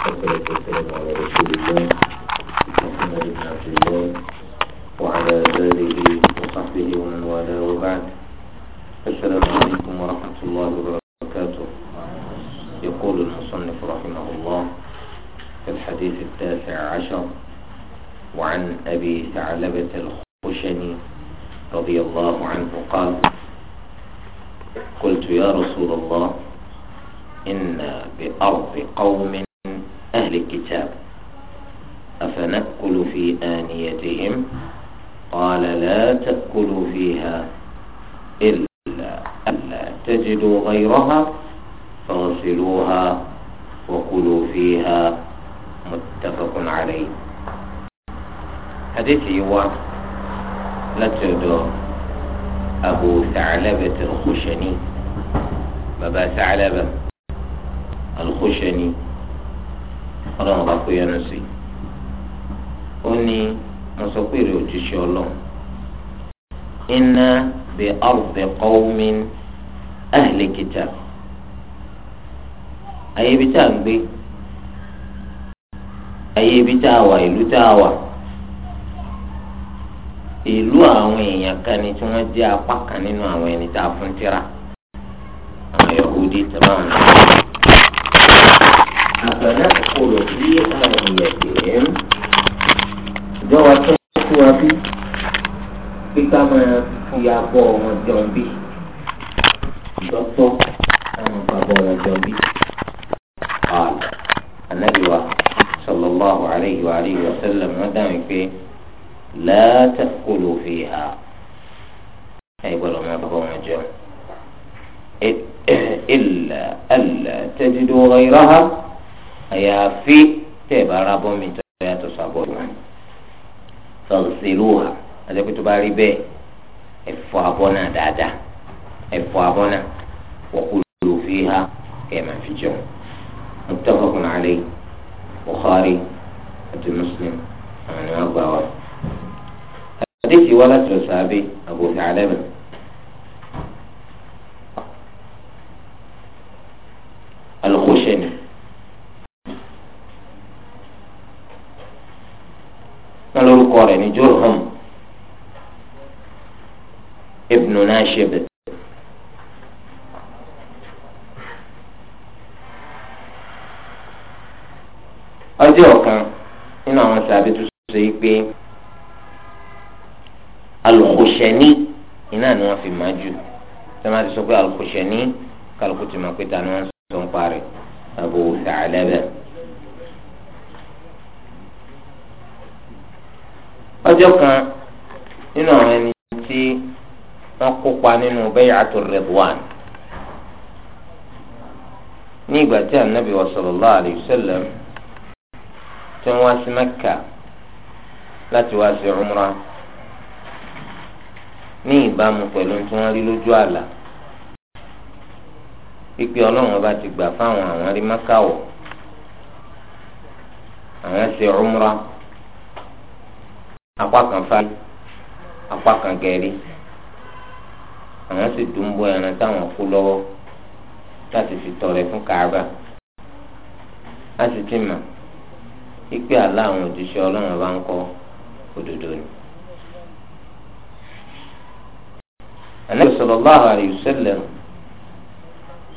والصلاة والسلام على رسول الله محمد بن عبد الله وعلى آله وصحبه ومن والاه وبعد السلام عليكم ورحمة الله وبركاته يقول المصنف رحمه الله في الحديث التاسع عشر وعن أبي ثعلبة الخشني رضي الله عنه قال قلت يا رسول الله إنا بأرض قوم أهل الكتاب أفنأكل في آنيتهم قال لا تأكلوا فيها إلا ألا تجدوا غيرها فاغسلوها وكلوا فيها متفق عليه حديث هو لتدو أبو ثعلبة الخشني بابا ثعلبة الخشني ọlọ́run bá kó yẹnu sí i ó ní mo sọ pé èrè òjíṣẹ́ ọlọ́run iná bí ọ̀rùbẹ̀ kọ́wọ́mí ẹ̀hìnlẹ̀ kìjà ayé ibi tá à ń gbé ayé ibi tá a wà ìlú tá a wà ìlú àwọn èèyàn kan ni tí wọ́n jẹ́ apá kan nínú àwọn ẹni tá a fún tírà àwọn Yahudi tí wọ́n ń lò. يقول في آياتهم جواب síwájú pé ká máa fi abọ́ wọn jọun bí dọ́tọ́ àwọn bàbá wọn jọun bí. Àlọ́ ànábìwá sallallahu alayhi wa alihi wa sallam wọ́n dáhùn pé la ta'kulu fiha ẹ̀ gbọ́dọ̀ máa bàbá wọn jẹun. إلا ألا تجدوا غيرها àyàfi tẹ́ ẹ̀ bá ara bọ́ mi tó yàtọ̀ sábọ̀ wọn. sọ̀rọ̀sẹ̀rù wa àtẹ̀kùn tó bá rí bẹ́ẹ̀ ẹ̀fọ́ abọ́ náà dáadáa ẹ̀fọ́ abọ́ náà wọ́kùlù fi ha kẹ́ẹ̀mà fi jẹun. muttafaqun alayhi Bukhari àti Muslim àwọn ni wọ́n gbà wá. àdéhìí wá láti lọ sàábé Abu Tha'laba. wọn lórúkọ rẹ̀ ní Jurhum ibnu Nashib ọjọ́ ọ̀kan nínú àwọn sàbí tó sọ yìí pé alùkòṣẹ́ní iná ni wọ́n fi máa jù sọ́mà ti sọ pé alùkòṣẹ́ní kálukú ti máa pé ta ni wọ́n sọ ń parẹ́ Abu Tha'laba. ọjọ́ kan nínú àwọn ẹni tí wọ́n kópa nínú bay'atul ridwan ní ìgbà tí anabi wa sallallahu alayhi wa sallam tí wọ́n wá sí mẹ́kà láti wá sí umra ní ìbámu pẹ̀lú tí wọ́n rí lójú àlá pípé ọlọ́run ọba ti gbà fáwọn àwọn rí àwọn ṣe umra apá kan fáyé apá kan gẹ̀rí àwọn sì dùn bọ ẹran táwọn kú lọ́wọ́ láti fi tọrẹ fún Kaaba láti ti mà ipe àlá àwọn òjíṣẹ́ Ọlọ́run bá ń kọ òdodo ni. Ànábì sallallahu alayhi wa sallam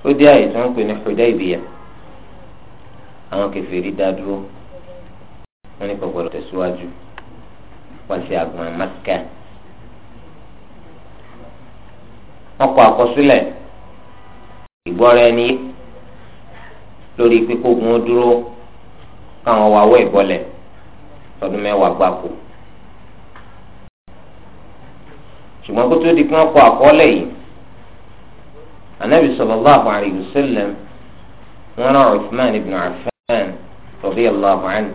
ó dé àyè tí wọ́n pè ní Hudaybiya àwọn kèfèrí dá dúró wọ́n ní kò tẹ̀síwájú wọ́n ṣe àgbọn mẹ́kẹ́. wọ́n kọ àkọsílẹ̀ ìgbọ́ra ẹni lórí pípógun ó dúró káwọn wá wọ ìbọlẹ̀ tọdún mẹ́wàá gbáko. ṣùgbọ́n kó tó di pé wọ́n kọ àkọọ́lẹ̀ yìí anabi sallallahu alayhi wa sallam wọ́n rán Uthman ibn Affan radiyallahu anhu.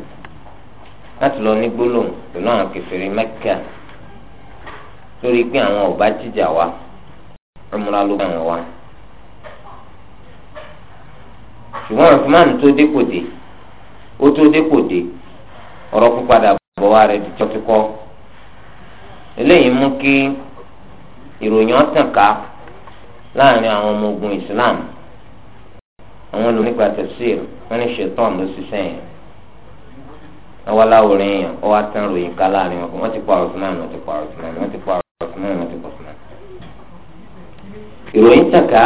láti lọ ní gbólóhùn pẹ̀lú àwọn kèfèrí Mẹ́kà lórí pé àwọn ọba jíjà wa ọmọlá ló bá wọn wá. ṣùgbọ́n ọ̀fìmáàmù tó dépò dé ó tó dépò dé ọ̀rọ̀ pípadà bọ̀ wá rẹ̀ di tọ́tíkọ́ eléyìí mú kí ìròyìn ọ̀tàn ká láàrin àwọn ọmọ ogun Islam àwọn olùnípa tẹ̀síìr wọn ní ṣètọ́n ló ṣiṣẹ́ yẹn àwọn aláwòrán èèyàn ó wá tán ròyìn ká láàrin wọn wọ́n ti pa Usman wọ́n ti pa Usman wọ́n ti pa Usman wọ́n ti pa Usman. ìròyìn tàkà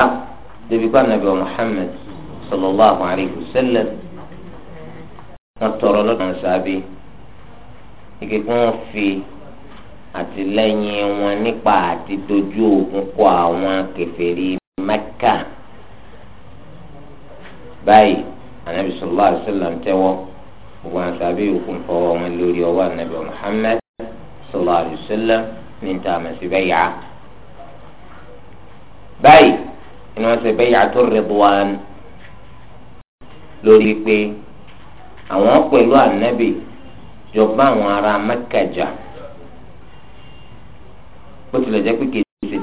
débi pa nàbẹ Muhammad sallallahu alayhi wa sallam wọ́n tọrọ lọ́dọ̀ àwọn sábẹ ike kí wọ́n fi àtìlẹ́yìn wọn nípa àti dojú ogun kọ àwọn kèfèrí Mẹ́kà báyìí anabi sallallahu alayhi wa sallam tẹ́wọ́. gbogbo àwọn sàbí òkun fọwọ́ wọn lórí ọwọ́ ànábì Muhammad sallallahu alayhi wa sallam ní níta baya'a. bẹ́yà. báyìí ni wọ́n ṣe bẹ́yà tó jọba àwọn ará jà bó tilẹ̀ jẹ́ pé kejì ṣe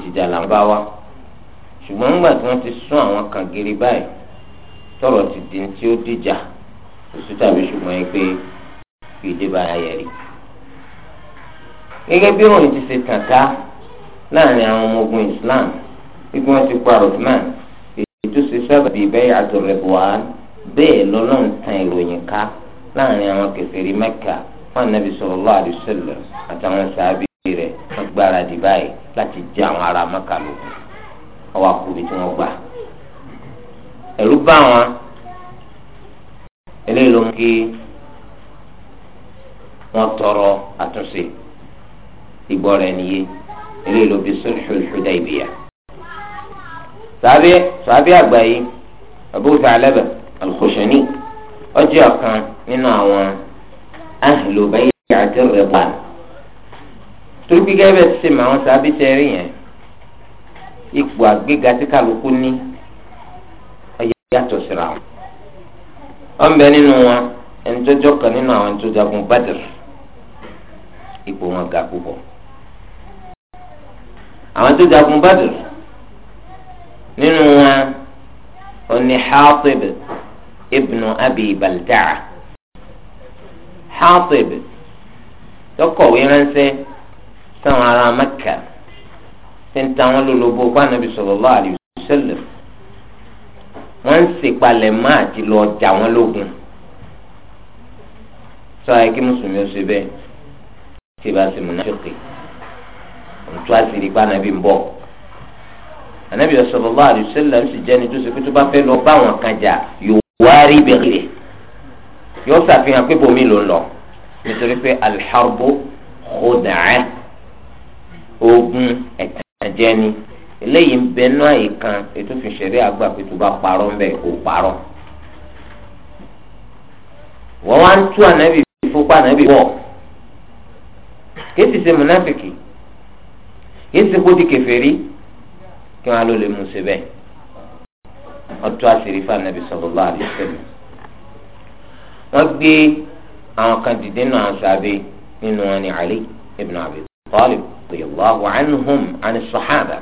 jìjà ti ti oṣù tàbí ṣùgbọ́n yín pé fìdí bá ayẹ rí. gẹ́gẹ́ bí òun ti ṣe tàta láàrin àwọn ọmọ ogun Islam wípé wọ́n ti pa Uthman ètò ṣe sábà bíi bẹ́ẹ̀ àtọ̀rẹ̀bùwá bẹ́ẹ̀ lọ́lọ́run tan ìròyìn ká láàrin àwọn kèfèrí Mẹ́kà wọn nàbì sallallahu alaihi wasallam àtàwọn sàábì rẹ̀ wọ́n gbára dì báyìí láti jẹ́ àwọn ará Mẹ́kà lókun ọwọ́ àkùbí tí wọ́n gbà ẹ̀rú bá wọn eléyìí ló mú kí wọ́n tọrọ àtúnṣe ìgbọ́ra ẹni yé eléyìí ló bí sulhul Hudaybiyah. sàbí àgbà yìí Abu Tha'laba al-Khushani ọjọ́ kan nínú àwọn ahlu bay'ati ridwan torí gẹ́gẹ́ ti ṣe mọ àwọn sábẹ́ tẹ yẹn ipò àgbéga tí kálukú ní ọ̀yà yàtọ̀ síra wọn wọn bẹ nínú wọn ẹni tó jọ kan nínú àwọn ẹni tó jagun Badr ipò wọn ga púpọ̀ àwọn tó jagun Badr nínú wọn oní Hatib ibnu Abi Balta'a Hatib tọkọ̀wé ránṣẹ́ sáwọn ará Mẹ́kà tí wọn lólobó bá Ànábì sallallahu alaihi wọ́n ń sèpalẹ̀ mọ́ àti lọ jà wọ́n lógun sọ ayé kí mùsùlùmí ó ṣe bẹ́ẹ̀ tí ìbá sì múnáfíkì òtún àṣírí pa ànábì ń bọ̀ ànábì sallallahu alaihi wasallam sì jẹ́ni tó ṣe pé tó bá fẹ́ lọ bá àwọn kan jà yóò wá rí bẹ̀rẹ̀ yóò ṣàfihàn pé bòmí ló ń lọ nítorí pé al-harbu khud'ah ogun ẹ̀tàn jẹ́ni eléyìí ń bẹ nú àyè kan ètò ìfìṣẹ̀rí àgbà pé tó bá parọ́ ń bẹ̀ kó parọ́. wọ́n wá ń tú ànábì fúnpá ànábì wọ̀ kéèsì ṣe mùnáfìkì kéèsì kó di kèfèrí kí wọ́n á lò lè mú ṣe bẹ́ẹ̀ ọtú àṣírí fún ànábì sallallahu alaihi wasallam. wọ́n gbé àwọn kan dìde nù àwọn sábẹ́ nínú wọn ni Ali ibn Abi Talib radiyallahu anhum àni sahaba.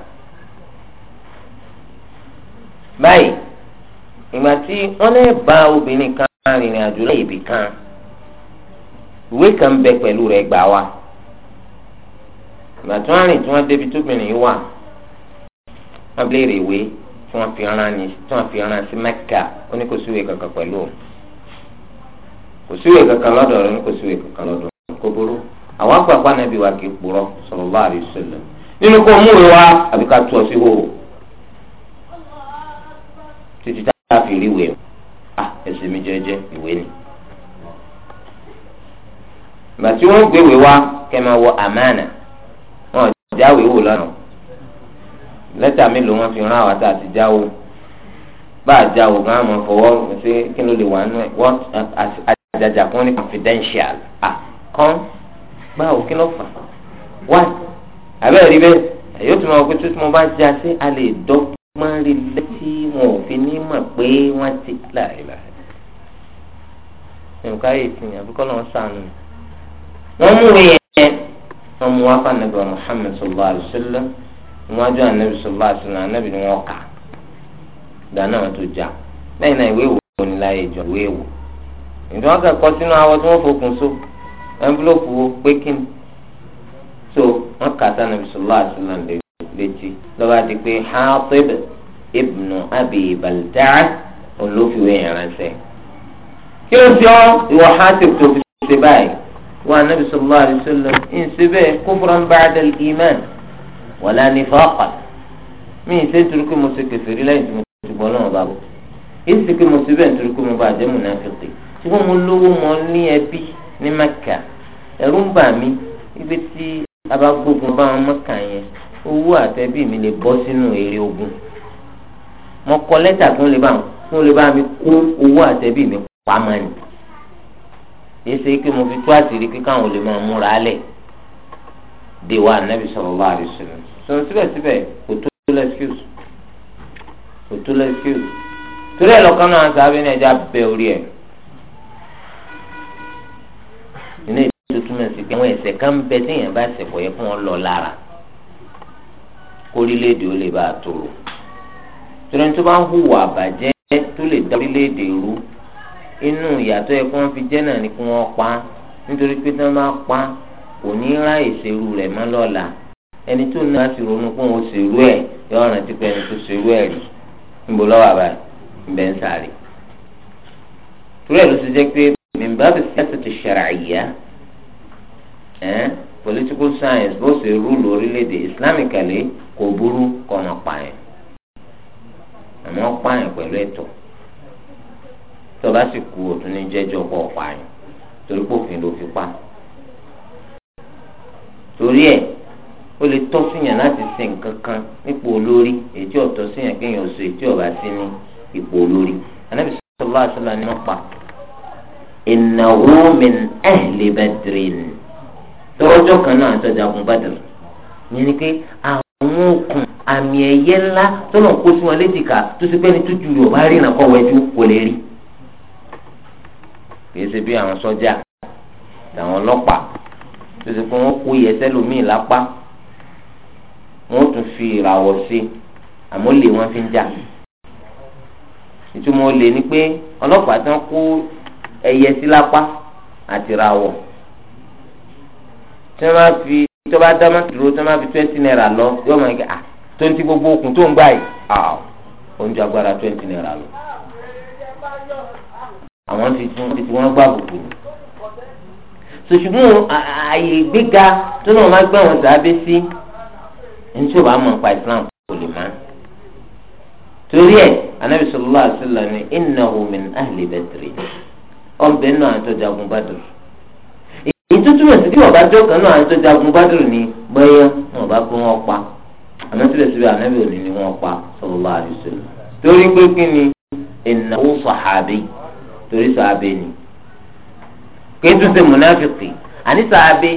báyìí ìgbà tí wọ́n lè bá obìnrin kan rìnrìn àjò ibì kan ìwé kan bẹ pẹ̀lú rẹ̀ gbà wá ìgbà tí wọ́n rìn tí wọ́n débi tóbìnrin yìí wà wọ́n tí fi rán ni tí wọ́n fi rán sí Mẹ́kà ó ní kò síwèé kankan pẹ̀lú òun kò síwèé kankan lọ́dọ̀ rẹ̀ ní kò kankan kò burú àwọn títí tá a fi rí ìwé o ah ẹsẹ̀ mi jẹ́jẹ́ ìwé ni. ìgbà tí wọ́n gbé ìwé wá kẹ́ máa wọ àmàna wọn ò jáwé wò lọ́nà lẹ́tà mélòó wọn fi rán àwọn àti àtijáwó bá a jáwó gan àmọ́ fọwọ́ ṣé kí ló lè wà nínú ẹ̀ wọ́n àjàjà kan ní confidential ah kan báwo kí ló fà wá abẹ́rẹ́ rí bẹ́ẹ̀ yóò tún máa wọ pé tó tún mo bá já sí a lè dọ́ máa ń rí lé tí wọn ò fi ní mọ̀ pé wọ́n ti láìla nǹkan ayé ti yàn àbíkọ́ lọ́wọ́ sànù wọ́n mú wẹ̀ yẹn wọ́n mú wá fún anabi wa anabi sallallahu alayhi anabi ni wọ́n kà dáná wọn tó já lẹ́yìn náà ìwé ìwò ni láyé jọ ìwé ìwò ìdánwò kẹ́kọ̀ọ́ sínú awọ tí wọ́n fokùn so envelope wo pé kí ni so wọ́n kà sí anabi sallallahu alayhi wa létí lọ́ba di pé Hatib ibnu Abi Balta'a olófiwé yẹn ránṣẹ́. kí ló sọ ìwọ Hatib tó fi ṣe báyìí wọn anabi sallallahu alayhi wa sallam ń ṣe bẹ́ẹ̀ kufran ba'da al-iman wala nifaqan mi ì ṣe turuku mo ṣe kèfèrí lẹ́yìn tí mo ti gbọ́ náà bá bọ̀ mo ṣe bẹ́ẹ̀ turuku mo bá jẹ́ munafiki ṣùgbọ́n mo lówó mọ ní ẹbí ní Mẹ́kà ẹ̀rù ń bà mí ibi tí a bá gbógun bá wọn Mẹ́kà yẹn owó àtẹ̀bí mi lè bọ́ sínú èrè ogun mo kọ lẹ́tà tó ń lè bá tó ń lè bá mi kó owó àtẹ̀bí mi pamọ́ ni èsè pé mo fi tó àtìrí pé káwọn lè máa múra lẹ̀ dé wa ànábì sallallahu alaihi wasallam sọ síbẹ̀síbẹ̀ kò tó lẹ́skíùsì kò tó lẹ́skíùsì torí ẹ̀ lọ́kàn náà sábẹ́ ní ẹja bẹ orí ẹ̀ ilé ìtútù mẹ́sì pé àwọn ẹ̀ṣẹ̀ kan bẹ tí èèyàn bá ṣẹ̀ kọ̀ yẹ kó wọ́n lọ lára. kórílẹ̀èdè ó lè bá a tòrò torí tó bá ń hùwà àbàjẹ́ tó lè dá inú ìyàtọ̀ kí wọ́n fi jẹ́ náà ni kí wọ́n pa nítorí pé tí wọ́n bá pa kò ní ra ṣerú rẹ̀ mọ́ lọ́la ẹni tó náà sì ronú pé òun ṣerú ẹ̀ yọ ọ̀ràn ti pé ẹni tó ṣerú ẹ̀ rí níbo lọ́wọ́ àbá ìbẹ̀ ń sáré torí ẹ̀ ti jẹ́ pé bá bẹ̀ ẹ̀sìn ti political science bó ṣe rúlù orílẹ̀-èdè islamically kò burú kọ́ ọmọ pààyàn àmọ́ pààyàn pẹ̀lú ẹ̀tọ́ tó bá sì kú òtún ní jẹ́jọ́ pọ̀ pààyàn torí pé òfin ló fi pa torí ẹ̀ ó lè tọ́ síyàn láti ṣe nǹkan kan nípò olórí ètí ọ̀tọ̀ síyàn kéèyàn sọ ètí ọ̀bá sí ní ipò olórí anábì sallallahu alaihi ni wọ́n pa innahu min ahli badrin lọ́jọ́ kan náà sọ̀jagun Badr yẹn ni pé àwọn okùn àmì ẹ̀yẹ ńlá tó lọ́n kó sí wọn létí ká tó ṣe pé ní tújú yóò bá rìnnà kọ́ wẹ́jú kò lè rí. kì í ṣe bí àwọn sọ́jà àtàwọn ọlọ́pàá tó ṣe pé wọ́n kó iyẹ̀sẹ́ lómìn lápá wọ́n tún fi ìràwọ̀ sí àmọ́ lè wọ́n fi ń jà. ìtumọ̀ olè ni pé ọlọ́pàá tán kó ẹyẹ sí lápá àti ìràwọ̀ tí wọ́n máa fi tó bá dáná dúró tí wọ́n máa fi twenty naira lọ yóò máa gbé ah Twenty ń ti gbogbo okùn tó ń gbà yìí ah oúnjẹ agbára twenty naira lọ. àwọn ti tún ti wọ́n gbà gbogbo sòṣùgbọ́n ààyè gbéga tó náà máa gbà wọn sábẹ́ sí ẹni tí ò bá mọ̀ nípa Islam kò lè máa torí ẹ anabi sallallahu alaihi wasallam ni innahu min ahli badri ọbẹ náà tó jagun Badr ìtútúmọ̀ sí bí wọ́n bá jókòó náà àti ọjà ogun bádùn ní bẹ́yẹ wọn bá gbé wọn pa àmọ́ síbẹ̀ síbẹ̀ ànábì òní ni wọ́n pa sallallahu alaihi wasallam torí pé kí ni ìnáwó sàhábì torí sàhábì ni kí tún ṣe mùnáfìkì àní sàhábì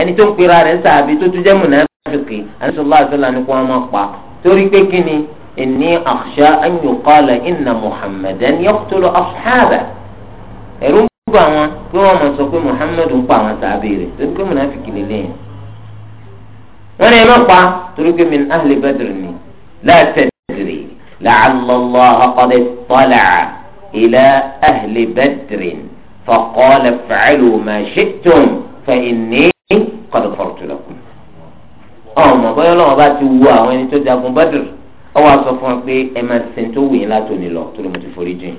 ẹni tó ń pera rẹ̀ sàhábì tó tún jẹ́ mùnáfìkì àní sallallahu alaihi ni kó wọn máa pa torí pé kí ni inni akhsha an yuqala inna muhammadan yaqtulu ashabahu gbogbo àwọn pé wọ́n mọ̀ sọ pé Muhammadu ń pa àwọn sàábì rẹ̀ torí pé mùnàfíkì lè léyìn. wọ́n ní ẹ má pa torí pé min ahli badr ni la tadri la'alla Allaha qad tala'a ila ahli badr faqala if'alu ma shi'tum fa inni qad ghafartu ọmọ bọ́yọ̀ lọ́wọ́ bá ti wú àwọn ẹni tó jagun Badr ọwọ́ àsọ fún pé ẹ máa sèǹtó wù yín látòní lọ torí mo ti forí jìn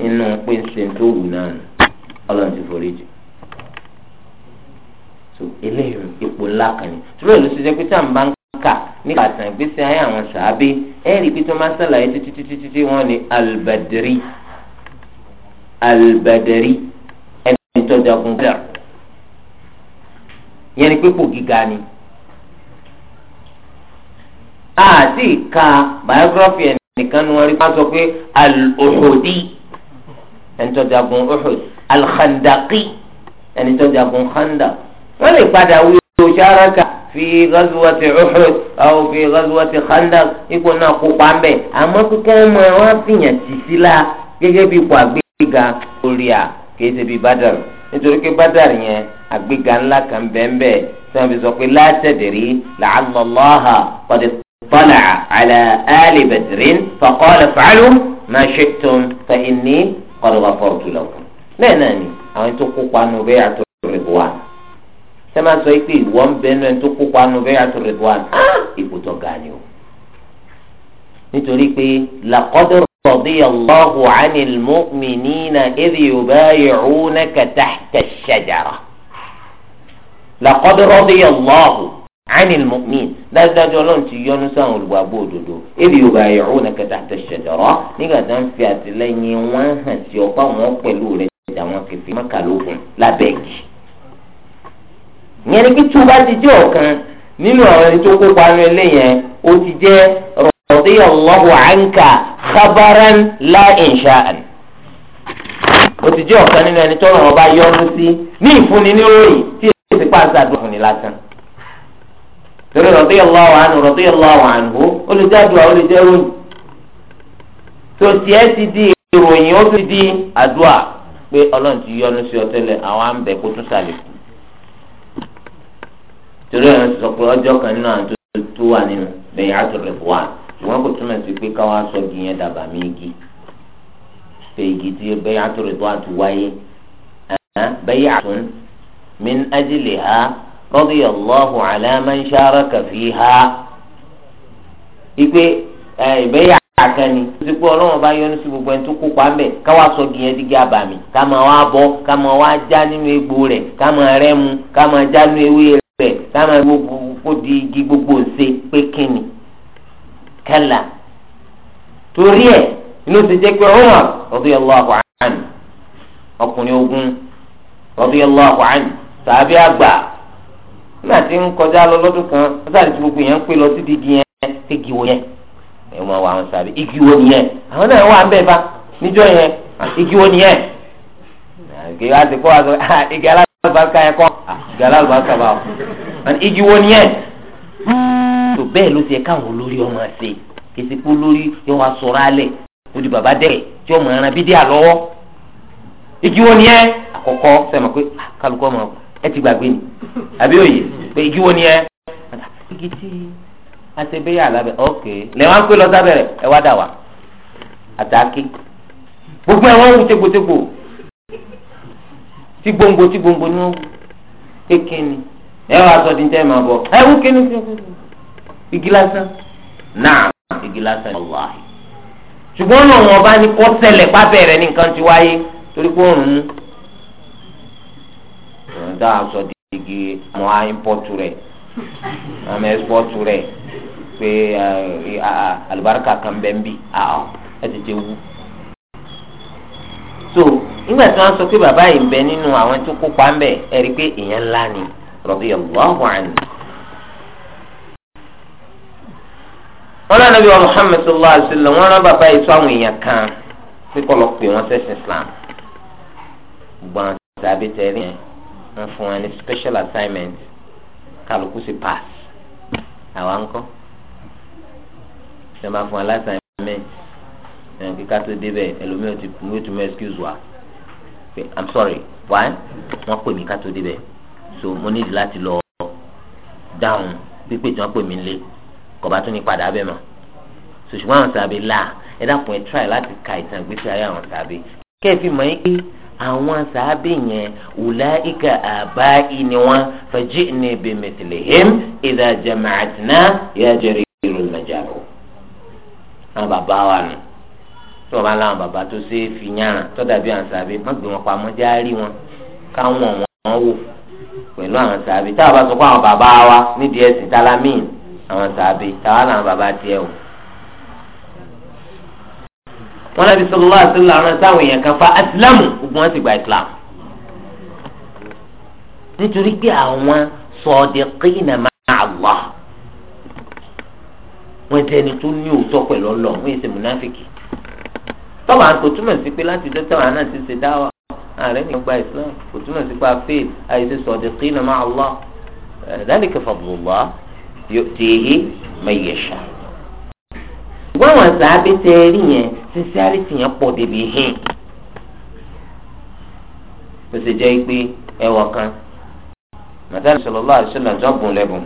inú pé ṣe tó wù náà nù ọlọ́run ti forí jù so eléyìí ipò ńlá kan ni sùúrù ló ṣe jẹ́ pé tá à ń bá ń kà nípa àtàn ìgbésí ayé àwọn sàábé ẹ rí i pé tó máa ṣàlàyé títí títí títí wọn ni albadiri albadiri ẹni tó jagun gbà yẹn ni pé kò gíga ni àti ìka biography ẹnìkan ni wọn rí i pé wọn sọ pé al-Uhudi ẹni tó jagun Uhud alkhandaki ẹni tó jagun Khandaq wọ́n lè padà wí o sharaka fi ghazwati Uhud aw fi ghazwati Khandaq ipò náà kópa ń bẹ̀ àmọ́ kíkẹ́ mọ wọn fìyàn tì sí la gẹ́gẹ́ bí ipò àgbéga orí à kìí ṣe bí Badr nítorí pé Badr yẹn àgbéga ńlá kan bẹ́ẹ̀ bẹ́ẹ̀ fi sọ pé la tadri la'alla Allaha qad ittala'a ala ali Badrin faqala if'alu ma shi'tum kọ́ni wà fọ́ òtún lọ́kùn. bẹ́ẹ̀ náà ni àwọn tó kópa nu bẹ́ẹ̀ àtò rìbùwàn ṣé máa sọ pé ìwọ ń bẹ́ẹ̀ náà tó kópa nu bẹ́ẹ̀ àtò rìbùwàn ìbùtọ̀ ga ni o. nítorí pé làkọ́dọ̀ radiyallahu anil mu'minina idh yubayi'unaka tahta ash-shajara làkọ́dọ̀ radiyallahu anil mu'min dájúdájú ọlọ́run ti yọ́nú sáwọn olùgbàgbọ́ òdodo ebi yorùbá ẹ̀yọ̀rọ̀ wọn kẹta àti ṣẹ̀dọ̀rọ̀ nígbà tá ń fi àtìlẹ́yìn wọn hàn sí ọ̀pá wọn pẹ̀lú rẹ̀ ṣẹ̀dá wọn kẹfì mọ́kà lókun lábẹ́ẹ̀kì. ìyẹn ni kí tó bá ti jẹ́ ọ̀kan nínú àwọn ẹni tó kópa nínú eléyẹn ó ti jẹ́ radiyallahu anka khabaran la insha'an ó ti jẹ́ ọ̀kan nínú ẹni tó ràn ọba yọ́nú sí ní ìfúnni níròyìn tí èsì pàṣẹ àdúrà fúnni lásán. torí radiyallahu anhu radiyallahu anhu ó lè jẹ́ àdúrà ó lè jẹ́ ròyìn tó tiẹ̀ ti di ìròyìn ó di àdúrà pé ọlọ́run ti yọ́nú sí ọ tẹ́lẹ̀ àwọn awa ń bẹ̀ kó tún sàlẹ̀ kù torí ẹ̀ sọ kan nínú àwọn tó wà nínú lẹ́yìn sọ gi yẹn dàbà mí igi pé igi tí ana àtúrẹ̀ wà min radiyallahu ala man sharaka fiha ipe ìbẹ́yà àkànni sípò ọlọ́run bá yọ́nú sí gbogbo ẹni tó kópa ń bẹ̀ ká sọ gìyẹn dígí àbàmì ká wá bọ́ ká wá já nínú egbò rẹ̀ ká máa rẹ́ já nínú ewé gbogbo kó di igi gbogbo ṣe pé kẹlà torí inú ti pé ọkùnrin ogun nígbà tí ń kọjá lọ lọ́dún kan wọ́n sáré tí gbogbo yẹn ń pè lọ sí yẹn ṣé yẹn ẹ̀ wọ́n wà wọn sáré igiwo nìyẹn àwọn náà wà ń bẹ̀ bá níjọ́ yẹn igiwo nìyẹn igi ah, yẹn kọ́ ah, igi alábàáká bá wọn nìyẹn tó hmm, bẹ́ẹ̀ ló ti yẹ káwọn olórí ọmọ ṣe kìsì kú lórí wá sọ̀rọ̀ alẹ̀ ó di bàbá tí ọmọ ẹran igiwo nìyẹn àkọ́kọ́ sẹ́mi pé ah, kálukọ́ ẹ ti gbàgbé ni àbí òye pé igi wo ni ẹ igi tí asebéyà alábẹ ok lẹ́wọ̀n á pé lọ sábẹ̀rẹ̀ ẹ wá dà wá àtàkì gbogbo ẹ̀ wọ́n wù tégbòtégbò tí gbòǹgbò tí gbòǹgbò ni wọ́n wù kékeré ni ẹ wàá sọ di ní tẹ́ ẹ máa bọ̀ ẹ wù kékeré sí igi lásán náà igi lásán ọlọ́ọ̀hìn ṣùgbọ́n náà wọn bá ní kọ́ sẹlẹ̀ pábẹ́rẹ́ ní nǹkan ti wáyé torí pé òórùn mú da tá a sọ digi mọ́ a ìmpọ́tù rẹ̀ àmọ́ ẹ̀sìpọ́tù rẹ̀ pé àlùbáríkà kan bẹ́ẹ̀ ń bì àwọn ẹ̀ ti ti wú. so nígbà tí wọ́n sọ pé bàbá yìí ń bẹ nínú àwọn tó kópa ń bẹ̀ ẹ̀ rí i pé èèyàn ńlá ni radiyallahu anhu. wọn lọ nàbí wa muhammed sallallahu alaihi wa sallam wọn rán bàbá yìí sọ àwọn èèyàn kan pé kọlọ pé wọn ṣẹ̀sìn islam gbọn tàbí tẹrí yẹn wọ́n fún wa ní special assignment kálukú sí pass àwa ń kọ́ ṣe máa fún wa ní assignment ẹ̀yìn kíkà tó débẹ̀ ẹlòmíràn ti mú ìtumọ̀ excuse wa pé i'm sorry why wọ́n pè mí ká tó débẹ̀ so mo nídìí láti lọ dáhùn pípé tí wọ́n pè mí lé kọ̀ọ̀bá tún ní padà abẹ́ mọ́ so ṣùgbọ́n àwọn sábẹ́ là ẹ dákun ẹ try láti ka ìtàn ìgbésí ayé àwọn sábẹ́ kẹ́ẹ̀fì mọ̀ ẹ́ pé àwọn sàábì yẹn ulaika àbáyé ni wọn faji'ni bimithlihim idha jama'atna ya jarirul majaru. àwọn bàbá wa nù tí wọn bá láwọn bàbá tó ṣe é fi yàrá tó dàbí àwọn sàábì má gbé wọn pamọ́ já rí wọn káwọn wọn wò pẹ̀lú àwọn sàábì táwọn bá sọ pé àwọn bàbá wa nídìí ẹ̀sìn tálámìn àwọn sàábì táwọn làwọn bàbá tiẹ̀ wò wọn nàbí sọlọ́lá àti làwọn sáwọn èèyàn kan fa asilamu ogun wọn sì gba islam nítorí pé àwọn sọ̀dẹ̀kìnà máa wà wọn jẹ́ ẹni tó ní òótọ́ pẹ̀lú ọlọ́ wọn èsì múnáfìkì tọ́wọ́ àti kò túmọ̀ sí pé láti ìjọ táwọn náà ti ṣe dáwà ààrẹ nìkan gba islam kò sí pé a fail àìsè sọ̀dẹ̀kìnà máa wà ذلك فضل الله يؤتيه من يشاء ṣùgbọ́n àwọn sàábé tẹ rí yẹn sincerity yẹn pọ̀ débi hìn ó sì jẹ́ pé ẹwọ̀ kan màtá sallallahu alaihi wasallam jọ́gùn lẹ́bùn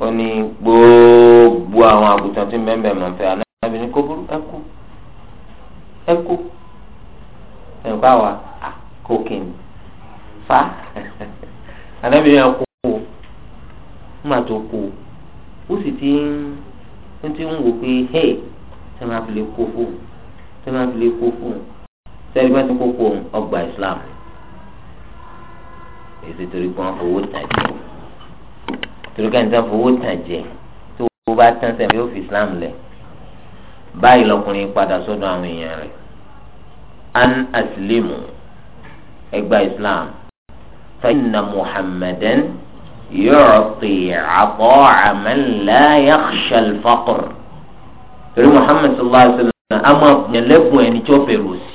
ó ní gbogbo àwọn àgùntàn tí mẹ́mbẹ́ mọ̀ fẹ́ anábì ní kó burú ẹkú ẹkú ẹ̀ǹbá wa kókìn fa anábì ní ẹkú kú mọ́tò kú ó sì ti ń ti ń wò pé hey ṣe máa fi lè kó fóun ṣe máa fi lè kó fóun sẹ́ni bá ti kó fóun ọgbà Islam èsì torí pé wọ́n fowó tàn jẹ torí ká ní sá fowó tàn jẹ tó o bá tán sẹ́ni yóò fi Islam lẹ̀ báyìí lọkùnrin padà sọ́dọ̀ àwọn èèyàn rẹ̀ an aslimu ẹgbà Islam fa inna Muhammadan. يعطي عطاء من لا يخشى الفقر torí محمد sallallahu alayhi wa sallam a máa fún yẹn lẹ́bùn ẹni tí ó bẹ̀rù òsì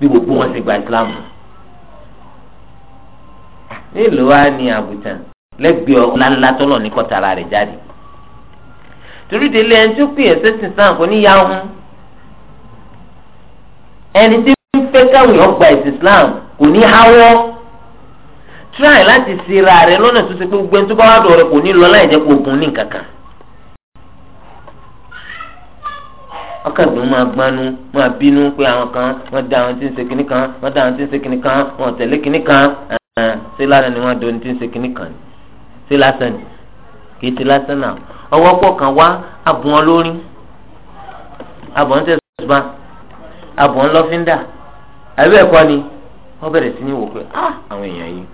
bí gbogbo wọn ti gba islam nílùú wa ni àbújá lẹ́gbẹ̀ẹ́ ọ̀la ńlá tọ́lọ̀ ní kọ́tara rẹ̀ jáde torí délé ẹni tó pè ẹsẹ̀ sí sáà kò ní ẹni tí ń fẹ́ káwọn èèyàn gba kò ní háwọ́ try láti ṣe ra rẹ lọ́nà tó ṣe pé gbogbo ẹni tó bá wà dọ̀ rẹ kò ní lọ láì jẹ́ kó gun ní nǹkankan. ọkàdùn máa gbanú máa bínú pé àwọn kan wọ́n dá àwọn tí ń ṣe kinní kan wọ́n dá àwọn tí ń ṣe kinní kan wọ́n tẹ̀lé kinní kan ṣé lásán ni wọ́n do ní tí ń ṣe kinní kan ṣé lásán ni kì í ti lásán náà ọwọ́ pọ̀ kan wá abùn ọ lórí abùn ọ ń tẹ̀sán bá abùn ọ lọ́fíńdà àbí ẹ̀kọ́ ni wọ́n bẹ̀rẹ̀ sí ní wò pé ah, àwọn èèyàn yìí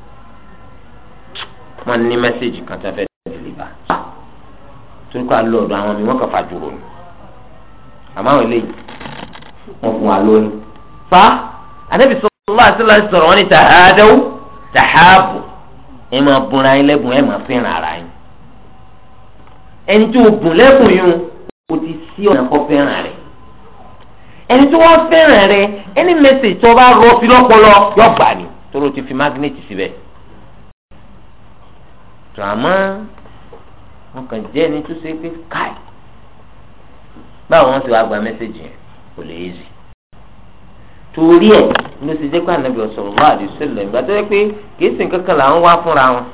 wọ́n ní mẹ́sẹ̀gì kan tí wọ́n fẹ́ dìlíbà torí pé àlọ́ ọ̀dọ̀ àwọn mi wọ́n kàn fàjùrò ni àmọ́ àwọn eléyìí wọ́n fún wa lórí. fa anabi sallallahu alaihi wasallam sọ̀rọ̀ wọ́n ní tàhádẹ́wò tàhábù ẹ máa bunra yín lẹ́bùn ẹ máa fẹ́ràn ara yín ẹni tó bùn lẹ́bùn yín o ti sí ọ̀nà kọ́ fẹ́ràn rẹ̀ ẹni tó wá fẹ́ràn rẹ̀ ẹni mẹ́sẹ̀gì tó bá rọ sí lọ́pọlọ yọ̀gbà ni tó ló ti fi mágínẹ́tì síbẹ̀ tó àmọ́ wọn kàn jẹ́ ẹni tó ṣe pé káì báwo wọn ti wá gba mẹ́sẹ̀gì yẹn kò lè yé zi torí ẹ̀ ló ti jẹ́ pé ànábì sallallahu alaihi wasallam ìgbà tó yẹ pé kìí sìn kankan là ń wá fúnra wọn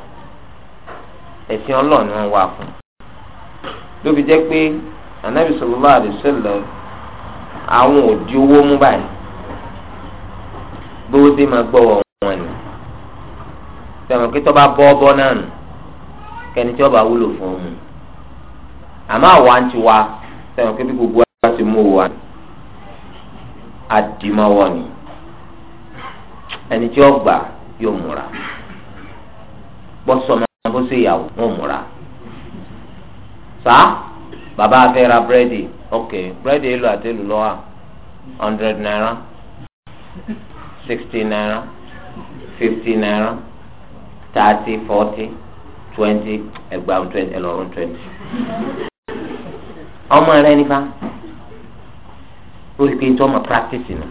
ẹ̀sìn ọlọ́ọ̀ ni wọ́n wá fún un ló fi jẹ́ pé ànábì sallallahu alaihi wasallam àwọn ò owó mú báyìí gbówó dé máa gbọ́ wọn ni sọ̀rọ̀ kí tó bá bọ́ bọ́ náà nù kẹni tí wọn bá wúlò fún un àmọ́ àwa ń ti wa sẹwọn kébí gbogbo wa ti mú wa àdìmọwọ ni ẹni tí wọn gbà yóò múra bọ́sọ̀mọ́ bó ṣe ìyàwó wọn múra sá bàbá afẹ́ ra búrẹ́dì ok búrẹ́dì èlò àti èlò lọ́wọ́ hundred naira sixty naira fifty naira thirty forty twenty ẹgbàá twenty ẹlọ́run twenty. ọmọ rẹ nípa ó rí pé tí ọmọ practice nù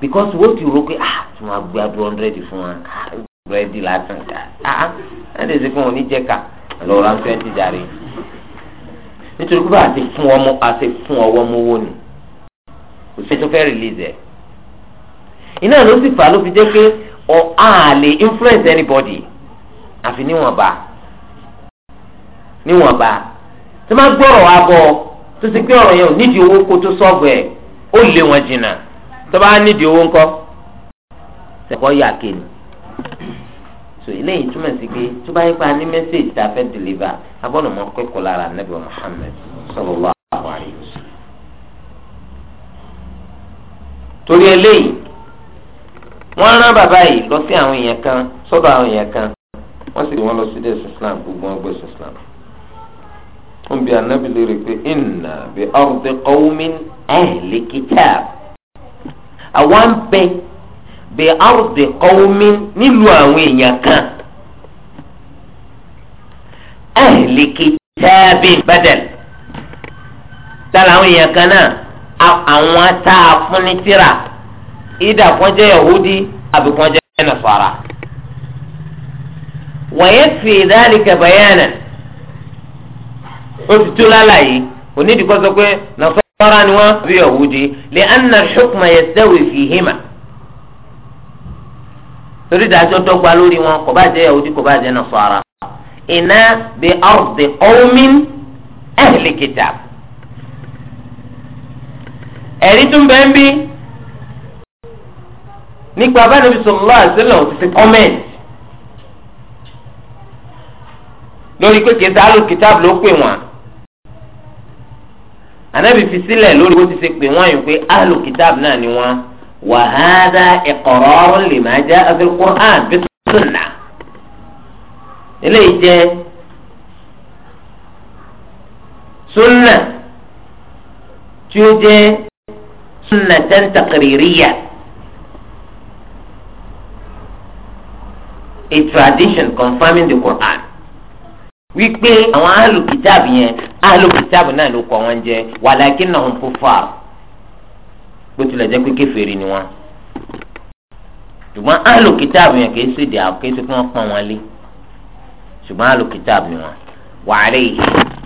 because wọ́n ti rò pé ah tí wọ́n á gbé two hundred fún wa búrẹ́dì ah, lásán ká ah ẹ̀ ah, ẹ́ ṣe fún wọn ní jẹ́ka ẹlọ́run twenty jàre nítorí pé àti fún ọmọ àti fún ọwọ́ mowó ni kò sí tó fẹ́ release ẹ̀ iná ló sì fà ló fi jẹ́ pé ọ̀ á lè influence anybody àfi níwọ̀nba níwọ̀nba tó máa gbọ́rọ̀ wá bọ̀ tó ti pé ọ̀rọ̀ yẹn ò nídìí owó kó tó sọ́ọ̀bù ẹ̀ ó lé wọn jìnnà tó bá nídìí owó ńkọ́ sẹ̀kọ́ yà kéènì so eléyìí túmọ̀ sí pé tó bá yẹ pé a ní mẹ́sẹ̀gì tá a fẹ́ deliver a gbọ́dọ̀ mọ kẹ́kọ̀ọ́ lára nabi Muhammad sallallahu alaihi wasallam. torí eléyìí wọ́n rán bàbá yìí lọ sí àwọn èèyàn kan sọ́dọ̀ àwọn èèyàn kan wọ́n sì wọ́n lọ sí dẹ́sẹ̀ Islam gbogbo wọn gbé Islam ń bi anabi lè rí pé ìnà bí ọ̀rùdẹ qawmin ahli kitab àwa ń bẹ bí ọ̀rùdẹ qawmin nílùú àwọn èèyàn kan ahli kitabin badal tala àwọn èèyàn kan náà àwọn tá a fún ní yahudi àbí kan nasara wọ́n fi dhalika bayanan ó ti tó lálàyé onídìí kọ́ sọ pé nasara ni wọ́n àbí yahudi lè anna hukma yastawi fihima torí ìdájọ́ dọ́gba lórí wọn kò bá jẹ́ yahudi kò bá jẹ́ nasara iná bi ardi qawmin ahli kitab ẹ̀rí tún bẹ́ẹ̀ ń bí nípa abánabi sallallahu alaihi wasallam kọ́mẹ́ǹtì lórí pé kìí ló pè wọ́n anabi fi sílẹ̀ lórí bó ti ṣe pè wọ́n yìí pé ahlu kitab náà ni wọ́n wa hadha iqrarun lima jaa fil Qur'an bi sunnah eléyìí jẹ́ sunnah tí ó jẹ́ sunnatan taqririyya a tradition confirming the Qur'an wípé àwọn ahlu kitab yẹn ahlu kìtàbù náà ló kọ wọn jẹ walakinnahum kuffar bó tilẹ̀ jẹ́ pé kèfèrí ni wọn ṣùgbọ́n ahlu kìtàbù yẹn kìí ṣèdè àwọn kìí wọ́n pọ́n wọn lé ṣùgbọ́n ahlu kìtàbù ni wọn wa alayhi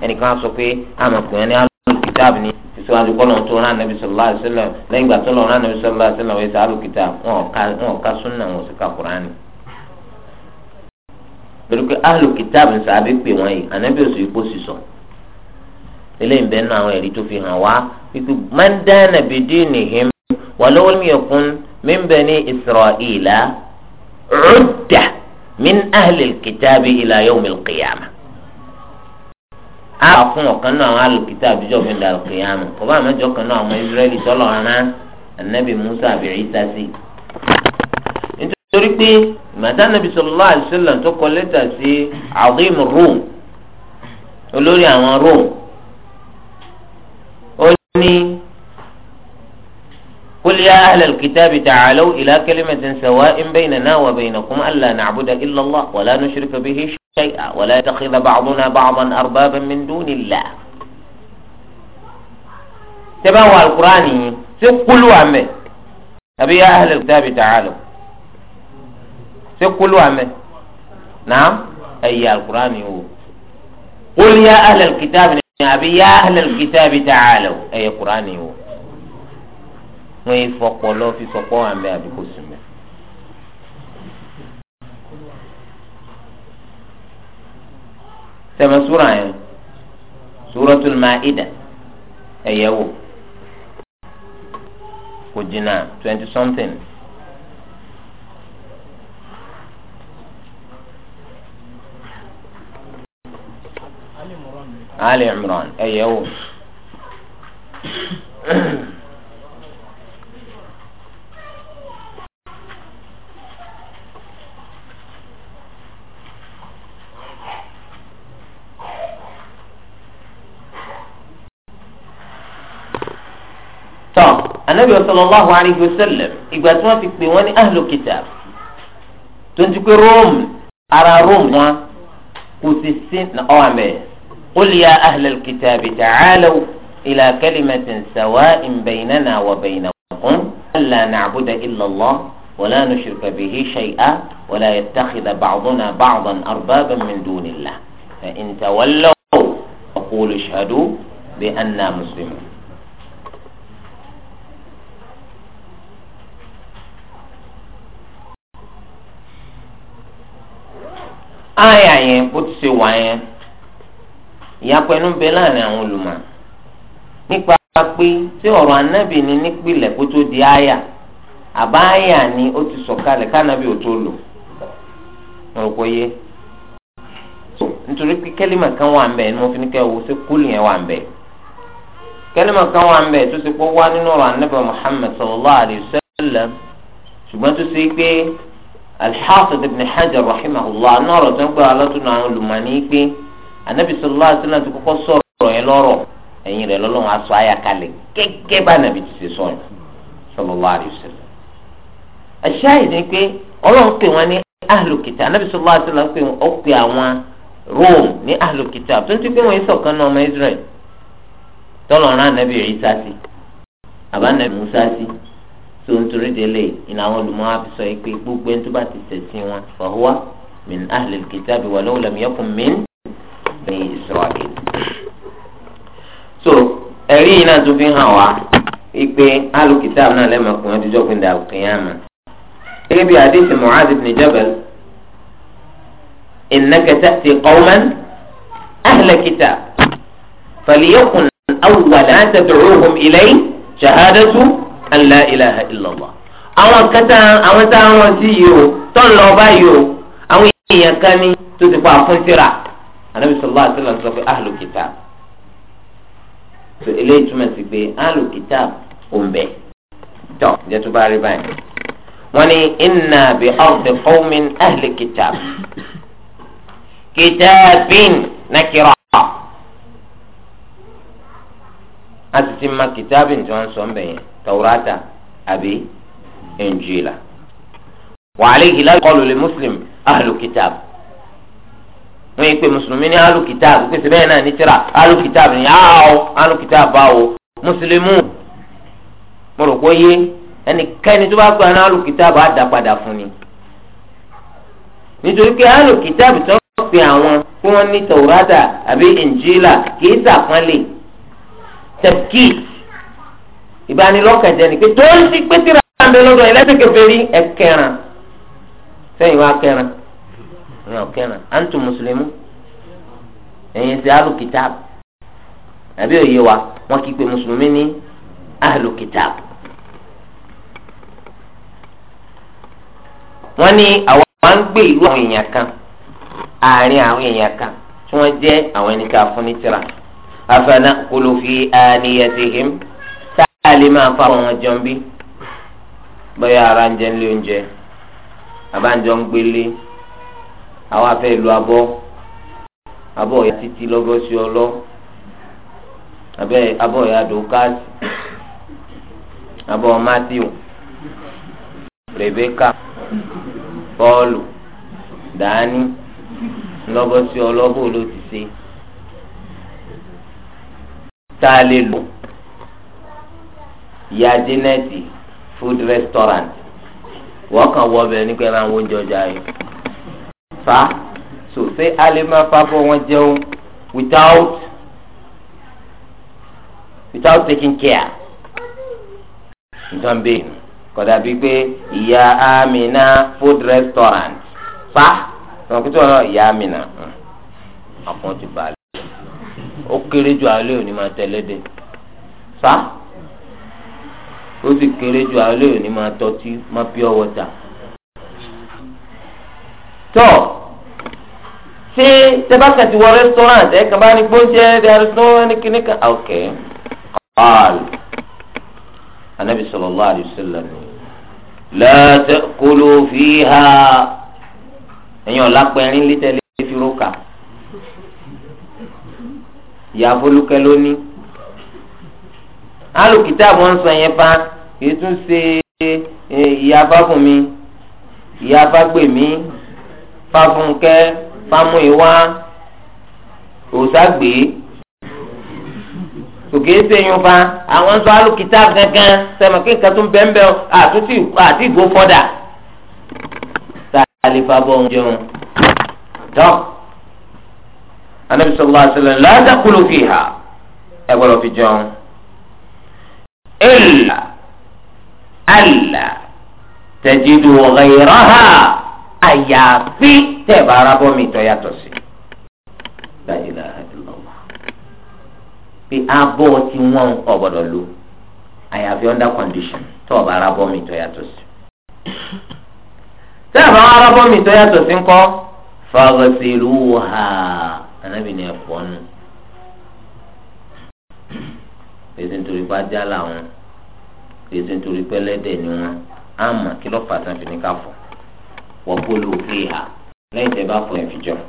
ẹnìkan sọ pé àmọ̀kùnrin ni ahlu kìtàbù ni síwájú kọ́ lọ́n tó rán anabi sọ̀rọ̀ láti sẹ́lẹ̀ lẹ́yìn ìgbà tó lọ́n rán anabi sọ̀rọ̀ láti sẹ́lẹ̀ wọ́n ti ahlu kìtàbù wọn ò ká súnà wọn ò sì ká kùránì pẹ̀lú pé ahlu kìtàbù ní sàbẹ̀ pè wọ́n yìí anabi ò sì kó sì sọ̀rọ̀ eléyìí bẹ́ẹ̀ nínú àwọn ẹ̀rí tó fi hàn wá wípé mandana bidinihim walau lam yakun min bani isra'ila udda min ahli alkitabi ila yóò mi kìyàmà. àwọn fún ọ̀kan náà àwọn alkitabi àbíjọ́ fún ilẹ̀ alqiyama kò bá àmọ́jọ́ kan náà àwọn israẹli tọ́lọ̀ rán anabi musa àbí isa sí torí pé màtá nàbí sọlọ́lá àti wasallam tó kọ lẹ́tà sí azim rome olórí àwọn rome ní قل يا أهل الكتاب تعالوا إلى كلمة سواء بيننا وبينكم ألا نعبد إلا الله ولا نشرك به شيئا ولا يتخذ بعضنا بعضا أربابا من دون الله تبعوا القرآن سقلوا أمه أبي يا أهل الكتاب تعالوا سقلوا أمه نعم أي القرآن هو قل يا أهل الكتاب àbí yá ahlal kitaabi ta'alaw ẹ̀yẹ kuraani o wọ́n yìí fọpọ̀ lọ fi sọpọ̀ wà mẹ́ àbí kò sùn mẹ́. sẹ́mi súra yẹn Suratul Ma'idah ẹ̀yẹ wò kò jìnnà twenty something. Ali Imran ẹ̀yẹ wò. tọ́ anabi sallallahu alayhi wa sallam ìgbà tí wọ́n fi pè wọ́n ní ahlu kitab tó ń ti pé Rome ara Rome wọn kò sì sí ọ̀hún àmì. قل يا أهل الكتاب تعالوا إلى كلمة سواء بيننا وبينكم ألا نعبد إلا الله ولا نشرك به شيئا ولا يتخذ بعضنا بعضا أربابا من دون الله فإن تولوا فقولوا اشهدوا بأننا مسلمون آية يعني قدس وعين ìyapọ̀ ẹnu bẹ láàrin àwọn olùmọ̀ nípa pé tí ọ̀rọ̀ anábì ni nípìnlẹ̀ kó tó di àyà àbá àyà ni ó ti sọ̀kalẹ̀ kánábì ò tó lò ọ̀rọ̀ kò yé nítorí pé kẹ́límà kan wà ń ni mo fi ní kẹ́ sí yẹn wà ń kẹ́límà kan wà ń tó wá nínú ọ̀rọ̀ anábì wa ṣùgbọ́n tó ṣe pé al-Hafiz ibn Hajar náà ọ̀rọ̀ tó ń gbé anabi sallallahu alaihi wasallam ti kọ́kọ́ sọ̀rọ̀ yẹn lọ́rọ̀ ẹ̀yìn rẹ̀ lọ́lọ́run aṣọ ayakalẹ̀ gẹ́gẹ́ bá anabi ti ṣe sọ yẹn sallallahu alaihi wasallam. aṣááyìí ni pé ọlọ́run pè wọ́n ní ahlùkìtà anabi sallallahu alaihi wasallam pé ó pè àwọn Rome ní ahlùkìtà tó ń ti pé wọ́n yẹn sọ̀kan náà ọmọ Israel tọ́lọ̀rán anabi Isa sí àbá anabi Musa sí tó ń torí délé ìlànà àwọn olùmọ̀ọ́ àfisọ yìí pé gbogbo ẹni tó bá ti tẹ̀sí wọn fahuwa min ahlil kitabi walau lam yakun min bẹ́ẹ̀ Israel. so ẹ̀rí yìí náà tún fi hàn wá wípé alùkìtàbù náà lẹ́mọ̀ọ́kùnrin ọdúnjọ́ pé dàrú kìyàmà. gẹ́gẹ́ bí hadith Mu'adh ibn Jabal innaka ta'ti qawman ahla kitab falyakun awwala ma tad'uuhum ilayhi shahadatu àwọn kẹta àwọn tá a wọn sí yìí o tọ́lọ̀ báyìí o àwọn èèyàn kan ní tó ti pa fún síra anabi sọlá àti sọlá sọ pé ahlu kitab so eléyìí túmọ̀ sí pé ahlu kitab òǹbẹ tọ́ ǹjẹ́ tó bá rí báyìí wọ́n ní inna bi ardi qawmin ahli kitab kitabin nakira a sì ti ma kitabin tí wọ́n sọ ń bẹ̀ yẹn tawrata àbí injila wa alayhi la yuqalu muslim ahlu kitab wọ́n yìí pé mùsùlùmí ní alùkìtàbù pèsè bẹ́ẹ̀ náà ní tíra alùkìtàbù ní àwọ̀ alùkìtàbù àwọ̀ mùsùlùmù mo rò pé yé ẹnikẹ́ni tó bá gba ní alùkìtàbù á dá padà fún ni. nítorí pé alùkìtàbù tó ń pè àwọn pé wọ́n ní tòwúrátà àbí ìnjílà kìí sàpọ́nlé tẹ̀kíìt ìbanilọ́kànjẹ́ ni pé tó ń ti pé tíra ń bẹ lọ́dọ̀ ẹlẹ́sìn kẹfẹ́ rí ẹ̀kẹran sẹ́yìn wá kẹran ìran kẹrin àǹtù mùsùlùmí ẹ̀yin ti àlù kìtàb àbí òye wa wọn kì í pe mùsùlùmí ní àlù kìtàb. wọ́n ní àwọn máa ń gbé ìlú àwọn èèyàn kan àárín àwọn èèyàn kan tí wọ́n jẹ́ àwọn ẹni tá fún ní tírà afẹ́nà kólófì àníyàtìhìm tá a lè máa fa àwọn ọjọ́ ń bí bóyá ara ń jẹ ń lé oúnjẹ àbájọ ń gbélé àwọn afẹ́ lu abọ́ abọ́ ọ̀yà títí lọ́gọ́sí ọlọ́ abọ́ ọ̀yà dòkásì abọ́ matthew rebecca pọ́ọ̀lù dání lọ́gọ́sí ọlọ́bù ló ti ṣe tá a lè lò ìyá jẹ́nẹ́tì food restaurant wọ́n kàn wọ́ ọbẹ̀ nípa ẹ̀rọ àwọn oúnjẹ ọjà yìí fa so ṣé a lè máa fa without without taking care nǹkan bẹ́ẹ̀ kódà bíi pé ìyá amina food restaurant fa ọ̀nà kí tí wọ́n náà ìyá amina hmm. ọkùnrin ti bá a lè ó kéré ju àlẹ́ òní máa tẹ́lẹ̀ dé fa ó sì kéré ju àlẹ́ òní máa tọ́tí máa pure water tọ́ ṣé tẹ́bákà ti wọ rẹ́sítọ́rántì ẹ̀ kàn bá ní gbóúnjẹ ẹ̀ rẹ́sítọ́rántì kìnìkan ok qaal anabi sallallahu alayhi wa sallam la ta'kulu fiha ẹ̀yin ọ̀làpẹ̀rin lítẹ̀lẹ́ fi róka ìyá fọlùkẹ́ lónìí alùkìtàbù ń sọ yẹn pa ètò ṣe eh, ìyá bá fún mi ìyá bá gbè mí fáfúnkẹ́ fámúìwá òsàgbé tòkè sèyún fa àwọn sọ alùkìtà gángan sẹmọ kí nǹkan tó ń bẹ́ẹ̀ bẹ́ẹ̀ àtúntì àti ìgò fọ́dà tá a lè fa bọ́ oúnjẹ wọn. tọ́ anabi sallallahu alaihi wasallam la taqulu fiha ẹ gbọ́dọ̀ fi jẹun. illa alla tajidu ghayraha àyàfi tẹ́ ẹ̀ bá ara bọ́ mi tọ́ yàtọ̀ sí. báyìí la ìlọ́wọ́ pé abọ́ tí wọ́n ò gbọ́dọ̀ lò àyàfi under condition tọ́ ọ̀ bá ara bọ́ mi tọ́ yàtọ̀ sí. tẹ́ ẹ̀ bá ara bọ́ mi tọ́ yàtọ̀ sí ńkọ́ faghsiluha anábì ni ẹ̀fọ́ nù. èsì nítorí bá já làwọn èsì nítorí pẹ́lẹ́dẹ̀ ni wọ́n á mọ̀ kí lọ́ọ́ fà tán fi ní ká وكلوا فيها ليس باطلا في الجمع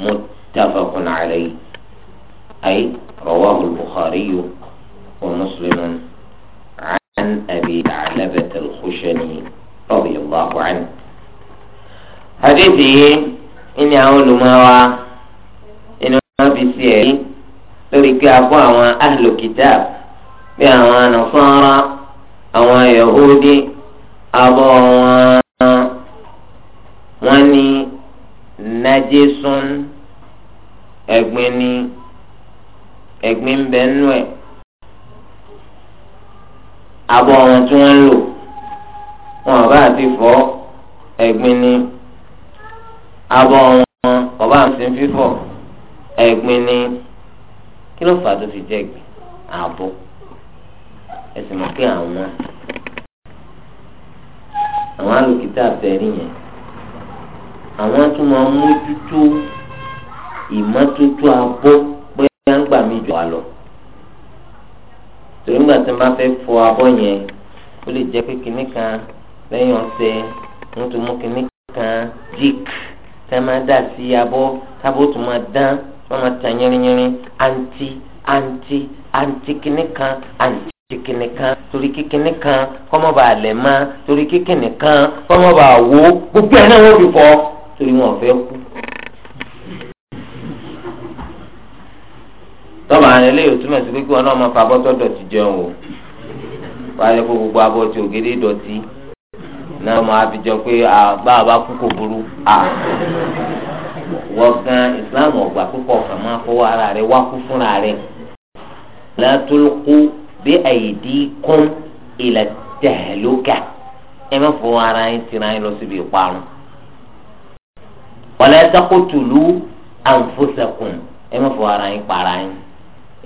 متفق عليه أي رواه البخاري ومسلم عن أبي ثعلبة الخشني رضي الله عنه حديثه إني أقول ما إن ما في سيري لذلك أقوى أهل الكتاب بأوان نصارى أوان يهودي أبوان wọ́n ní najesun ẹ̀gbin ni ẹ̀gbin bẹ́ẹ̀ nù ẹ̀ abọ́ wọn tí wọ́n ń lò wọn ọba àti fọ́ ẹ̀gbin ni abọ́ wọn ọba àti fífọ́ ẹ̀gbin ni kí ló fà tó fi jẹ́ ẹ̀gbin ààbò ẹ̀sìn mọ̀ pé àwọn àwọn alùpùpù tẹ̀ ẹ̀rí yẹn àwọn tó máa mójútó ìmọ́tótó abọ́ pé à ń gbà mí jù wá lọ. torí ńgbà tí wọ́n bá fẹ́ fọ abọ́ yẹn ó lè jẹ́ pé kinní kan lẹ́yìn ọ̀sẹ̀ wọ́n tún mú kinní kan dík tá máa dà sí abọ́ tábọ́ tó máa dán wọ́n máa ta yẹ́rìnyẹ́rìn àǹtí àǹtí àǹtí kinní kan àǹtí kìkìnì kan torí kìkìnì kan kọ́mọ́ bá lẹ̀ máa torí kìkìnì kan kọ́mọ́ bá wò ó gbogbo ẹ̀ náà wọ́n fi fọ́ torí wọn fẹ́ kú. tọ́ba àwọn eléyìí túmọ̀ sí pé kí wọn náà máa fa abọ́tọ́ dọ̀tí jẹun o wọ́n á yẹ kó gbogbo abọ́ ti ògèdè dọ̀tí náà máa fi jọ pé bá a bá kú kò burú a wọ́n gan Islam ọ̀gbà púpọ̀ kàn máa kó ara rẹ̀ wá kú fúnra rẹ̀ látòlókó bí àyèdí kún ìlà tẹ̀lókà ẹ má fọwọ́ ara yín tìrán yín lọ síbi ìparun wala taqtulu anfusakum ẹ má fọ ara yín para yín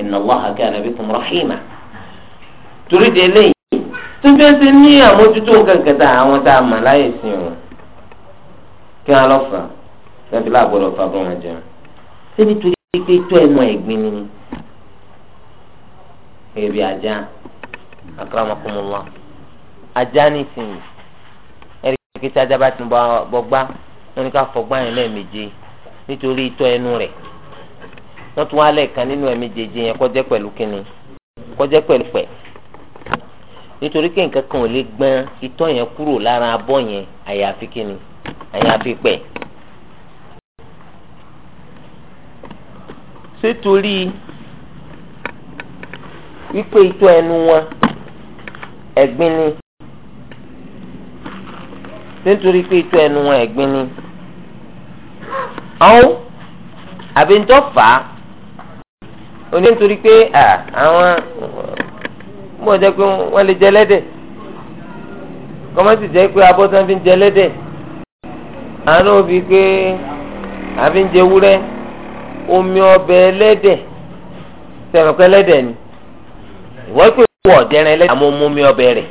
inna Allaha kana bikum rahima. torí de eléyìí tó bẹ́ẹ̀ ṣe ní àmójútó kankan tá àwọn tá a mọ̀ láyè sí wọn kí wọn lọ fà tẹ́bí láàbọ̀dọ̀ fà bọ́ wọn jẹun. ṣé nítorí pé tó ẹnu ẹ̀gbin ni ebi ajá akramakumullah ajá nìsín ẹ̀rí kí sájà bá ti bọ́ gbá wọ́n ní ká fọgbọ́n yẹn lẹ́ẹ̀méje nítorí itọ́ ẹnu rẹ̀ wọ́n tún wá lẹ́ẹ̀kan nínú ẹ̀ẹ̀méjèèje yẹn kọjẹ́ pẹ̀lú kínní kọjẹ́ pẹ̀lú pẹ̀ nítorí pé nǹkan kan ò lè gbọ́n itọ́ yẹn kúrò lára abọ́ yẹn àyàfi kínní àyàfi pẹ̀. sétorí wípé itọ́ ẹnu wọn ẹ̀gbin ni nítorí pé itọ́ ẹnu wọn ẹ̀gbin ni àwọn àbíntọ́ fà á oní nítorí pé àwọn mo jẹ́ pé wọ́n lè jẹ lẹ́dẹ̀ kọ́mọ́sì jẹ́ pé abọ́tán fi ń jẹ lẹ́dẹ̀ àánú òbí pé àfi ń jẹ wúrẹ́ omi ọbẹ̀ ẹlẹ́dẹ̀ sẹ̀rọ̀ pé ẹlẹ́dẹ̀ ni ìwọ́n pè wọ́n ọ̀dẹ́rẹ́ ẹlẹ́dẹ̀ àmọ́ omi ọbẹ̀ rẹ̀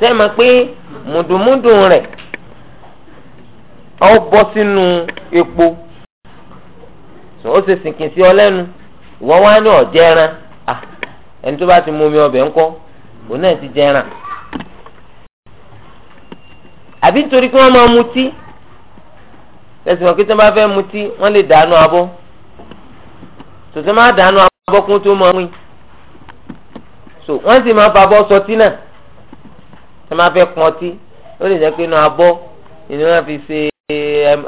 sẹ́ẹ̀ pé mùdùmùdù rẹ̀ ọ bọ́ sínú epo so ó ṣe sìnkìn sí ọ lẹ́nu wá ní ọ̀jẹ̀ ẹran ah ẹni tó bá ti mú omi ọbẹ̀ ńkọ́ òun náà ti jẹ ẹran àbí nítorí pé wọ́n máa mutí ẹ̀sìn wọn bá fẹ́ mutí wọ́n lè dànù abọ́ tòtí máa dànù abọ́ kún tó máa wín so wọ́n sì máa fa abọ́ sọtí náà tí wọ́n máa fẹ́ pọ́n ọtí ó lè jẹ́ pé inú abọ́ ni fi ṣe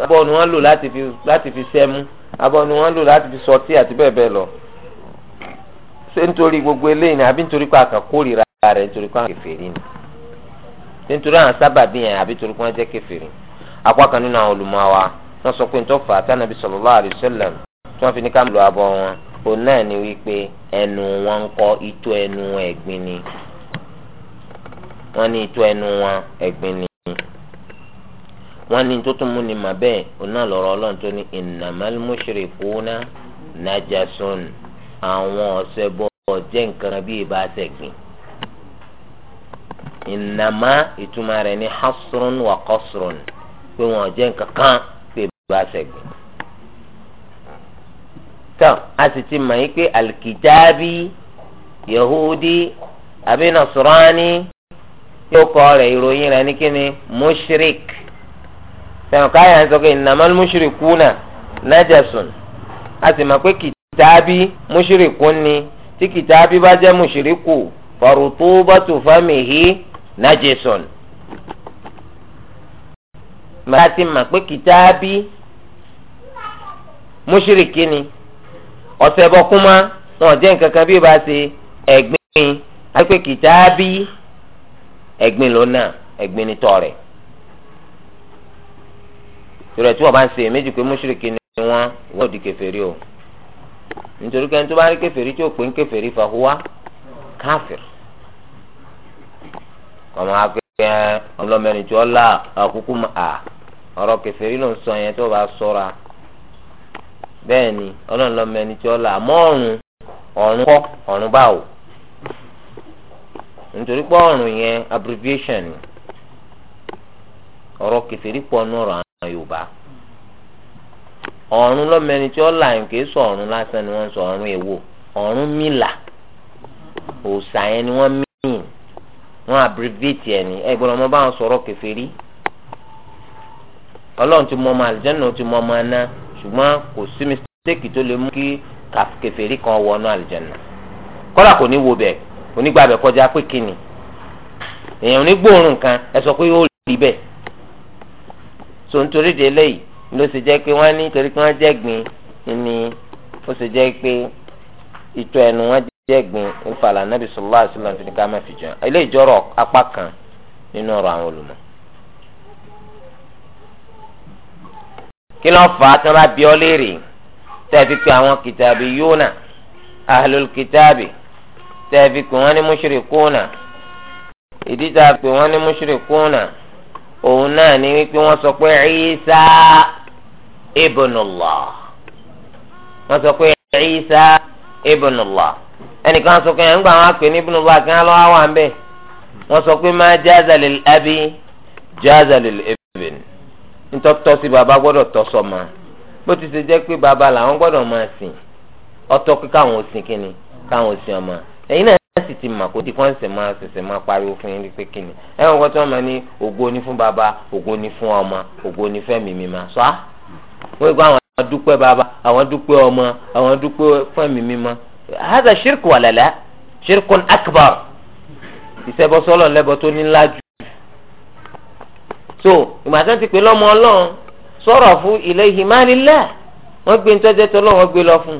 abọ́ ni wọ́n lò láti fi láti fi sẹ́mu abọ́ ni wọ́n lò láti fi sọtí àti bẹ́ẹ̀ bẹ́ẹ̀ lọ. ṣé nítorí gbogbo eléyìí ni àbí nítorí pé àkàn kórìíra rẹ̀ nítorí pé àwọn kèfèrí ni ṣé nítorí àwọn sábàbí yẹn àbí nítorí pé wọ́n jẹ́ kèfèrí. apá kan nínú àwọn olùmọ̀ wa wọ́n sọ pé ntọ́fà àtànàbí sallallahu alaihi wasallam tí wọ́n fi ní ká lọ abọ́ wọn òun náà ni wípé ẹnu wọn ń kọ́ itó ẹnu ẹ̀gbin ni wọ́n ní itó ẹnu wọn ẹ̀gbin ni wọ́n ní tó tún mú ni mà bẹ́ẹ̀ ọ̀nà lọ́rọ̀ ọlọ́run tó ní innamal mushrikuna najasun àwọn ọ̀sẹ̀ bọ́ jẹ́ nǹkan bí ibà sẹ̀gbìn ìnàmá ìtumọ̀ rẹ̀ ní hasrun wà qasrun pé wọ́n jẹ́ nǹkan kan pé ibà sẹ̀gbìn. tán a sì ti mọ̀ yín pé alkitabi yahudi àbí yóò kọ́ rẹ̀ ìròyìn rẹ̀ ní kíni mushrik. sẹ́wọ̀n káyà ń sọ pé innamal mushrikuna najasun a sì mọ̀ pé kìtàbí mushrikun ni tí kìtàbí bá jẹ́ mushriku farutubatu famihi najasun. màá ti mọ̀ pé kìtàbí mushriki ni ọ̀sẹ̀ bọ́ kúmá wọn jẹ́ nǹkan kan bí ó bá ṣe ẹ̀gbin àti pé kìtàbí ẹ̀gbin lónà ẹ̀gbin ni ìrọ̀ tí wọ́n bá ń ṣe èméjì pé mùṣírikí ni wọ́n wọ́n ò di kèfèrí o nítorí kẹ́ni tó bá rí kèfèrí tí ò pé ń kèfèrí fahuwa káfìr kọ́mọ akẹ́kẹ́ ọlọ́mọbìnrin tí wọ́n là àkókò mà á ọ̀rọ̀ kèfèrí ló ń sọ yẹn tó bá sọ́ra bẹ́ẹ̀ ni ọlọ́run tí wọ́n là mọ́ ọ̀run ọ̀run kọ́ ọ̀run báwò nítorí pé ọ̀run yẹn abbreviation ni ọ̀rọ̀ kèfèrí pọ̀ nù ọ̀rọ̀ yorùbá ọ̀run lọ́mẹni tí ó là ń ké sọ ọ̀run lásán ni wọ́n sọ ọ̀run èwo ọ̀run mìlà òòsà yẹn ni wọ́n mìín wọ́n abbreviate yẹn ni ẹ gbọ́dọ̀ ọmọ báwọn sọ̀rọ̀ kèfèrí ọlọ́run ti mọ ọmọ àlùjànnà ti mọ ọmọ aná ṣùgbọ́n kò sí mistake tó lè mú kí kèfèrí kan wọnú àlùjànnà kọ́lá kò ní wo bẹ̀ onígbàbẹ̀ kọjá pé kíni èèyàn ò ní gbóòórùn kan ẹ sọ pé ó rí bẹ́ẹ̀ so nítorí de eléyìí ló ṣe jẹ́ pé wọ́n ní torí pé wọ́n jẹ́ gbin ni ó ṣe jẹ́ pé ìtọ́ ẹnu wọn jẹ́ gbin ìfàlà nàbì sallallahu alaihi wasallam fi ní ká má fi jẹun eléyìí jọrọ apá kan nínú ọ̀rọ̀ àwọn olùmọ̀. kí ló fà á tí wọ́n bá bí ọ léèrè tẹ́ẹ̀fi pé àwọn kìtàbí yóònà ahlul kìtàbí tẹ́ẹ̀fi pé wọ́n ní mushrikuna ìdí tá a pè wọ́n ní mushrikuna. òun náà ni wípé wọ́n sọ pé Isa ibnullah wọ́n sọ pé Isa ibnullah ẹnìkan sọ pé ẹ̀ ń gbà wọn àpè ní ibnullah kí wọ́n lọ́wọ́ wà ń bẹ̀ wọ́n sọ pé má jaza abi jaza ntọ́tọ́ sí baba gbọ́dọ̀ tọ́ sọ́mọ bó ti ṣe jẹ́ pé baba làwọn gbọ́dọ̀ máa sìn ọtọ́ pé káwọn ò sìn kíni káwọn ò sìn ọmọ ẹ̀yin náà wọ́n sì ti mọ̀ kó di wọ́n sì máa ṣẹ̀ṣẹ̀ máa pariwo fún yín pé kíni ẹ wọ́n kọ́ tí wọ́n máa ní ògo ni fún bàbá ògo ni fún ọmọ ògo ni fẹ́mi mi máa sọ́ wọ́n gbọ́ àwọn dúpẹ́ bàbá àwọn dúpẹ́ ọmọ àwọn dúpẹ́ fẹ́mi mi máa ṣírkù wàlẹ́lẹ́ ṣírkù akbar ìṣẹ́bọsọ́lọ̀ lẹ́bọ tó ní ńlá jù so ìgbà tí wọ́n ti pè lọ́mọ ọlọ́run sọ̀rọ̀ fún ilé ìhìmánilẹ́ wọ́n gbé ní tọ́jẹ́ tọ́lọ́ wọ́n gbé lọ fún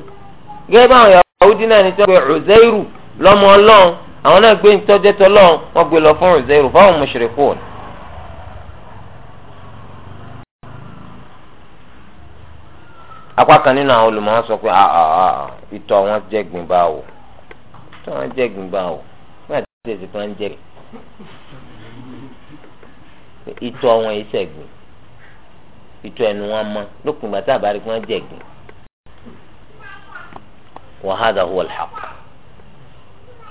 tọ́jú lọmọ ọlọ́run àwọn náà gbé ìtọ́jẹ́ tọ́lọ́run gbé lọ fún ìzẹ́rù fáwọn apá kan nínú àwọn olùmọ̀ọ́ sọ pé ah, ah, ah, ìtọ̀ wọn jẹ́ ìtọ̀ wọn jẹ́ àti jẹ́ ìtọ̀ wọn ìtọ̀ ẹnu wọn lópin ìgbà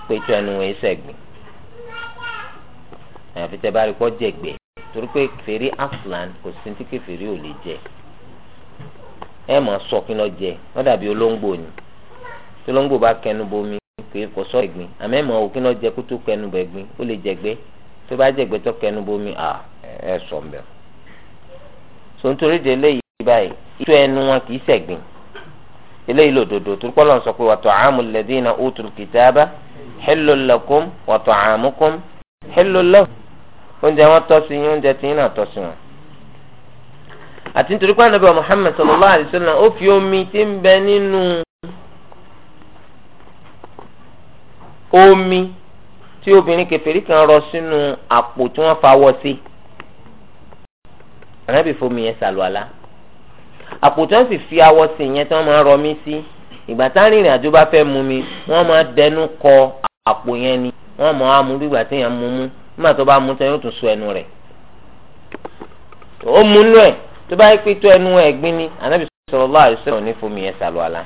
péjọ ẹnu wọn ṣẹ̀gbìn àyàfi tẹ bá rí pọ́ jẹ̀gbẹ́ torí pé fèrè aslan kò sí tí kèfèrí ò lè jẹ ẹ mọ̀ sọ kí lọ́ọ́ jẹ wọ́n dàbí olóńgbò ni tí olóńgbò bá kẹnu bomi kò kò sọ ẹ̀gbin àmọ́ ẹ mọ̀ òkè náà jẹ kó tó kẹnu bọ̀ ẹ̀gbin ó lè jẹ̀gbẹ́ tó bá jẹ̀gbẹ́ tó kẹnu bomi à ẹ sọ̀ mbẹ́. so nítorí de eléyìí báyìí ìtú ẹnu wọn kì í ṣẹ̀gbin eléyìí lòdòdò torí pé sọ pé wa ta'amul ladina utul kitaba hillul lakum wa ta'amukum hillul lahum oúnjẹ wọn tọ́ sí yín oúnjẹ tí yín náà tọ́ sí wọn. àti nítorí pé ànábì Muhammad sallallahu alayhi wa sallam ó fi omi tí ń bẹ nínú omi tí obìnrin kèfèrí kan rọ sínú àpò tí wọ́n fawọ́ sí ànábì fomi yẹn ṣàlùwàlá àpò tí wọ́n sì fi awọ sí yẹn tí wọ́n máa rọ sí ìgbà tá rìnrìn àjò bá fẹ́ mú mi wọ́n máa dẹnu kọ àpò yẹn ni wọ́n mọ̀ á mú bí ìgbà téèyàn mú mú nígbà tó bá mú tán yóò tún so ẹnu rẹ̀ ó mú nú ẹ̀ tó bá yẹ pé tó ẹnu ẹ̀ gbin ni ànábì sallallahu alaihi wasallam ní fomi yẹn ṣàlùwàlá.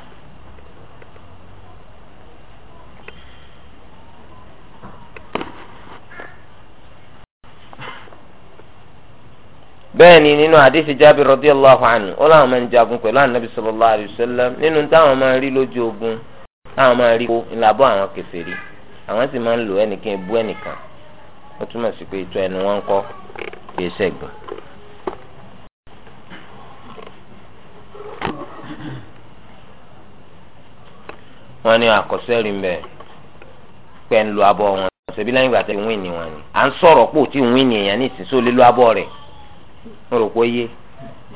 bẹ́ẹ̀ ni nínú àdìsí Jábìr radiyallahu anhu ó láwọn máa ń jagun pẹ̀lú ànábì sallallahu alaihi wasallam nínú táwọn máa ń rí lójú ogun táwọn máa ń rí kó ńlá bọ́ àwọn kèfèrí àwọn sì máa ń lò ẹnìkan ebú ẹnìkan ó túmọ̀ sí pé ìtọ́ ẹnu wọn ń kọ́ kì í ṣẹ̀gbọ́n. wọ́n ní àkọsẹ́rì mbẹ́ pẹ́ ń lo abọ́ wọn ṣẹbi lẹ́yìn ìgbà tẹ́ ń wíìnì wọn ni à ń sọ̀rọ̀ pò tí ń wíìnì èèyàn ní ìsinsó lé lo abọ́ rẹ̀ mo rò pé yé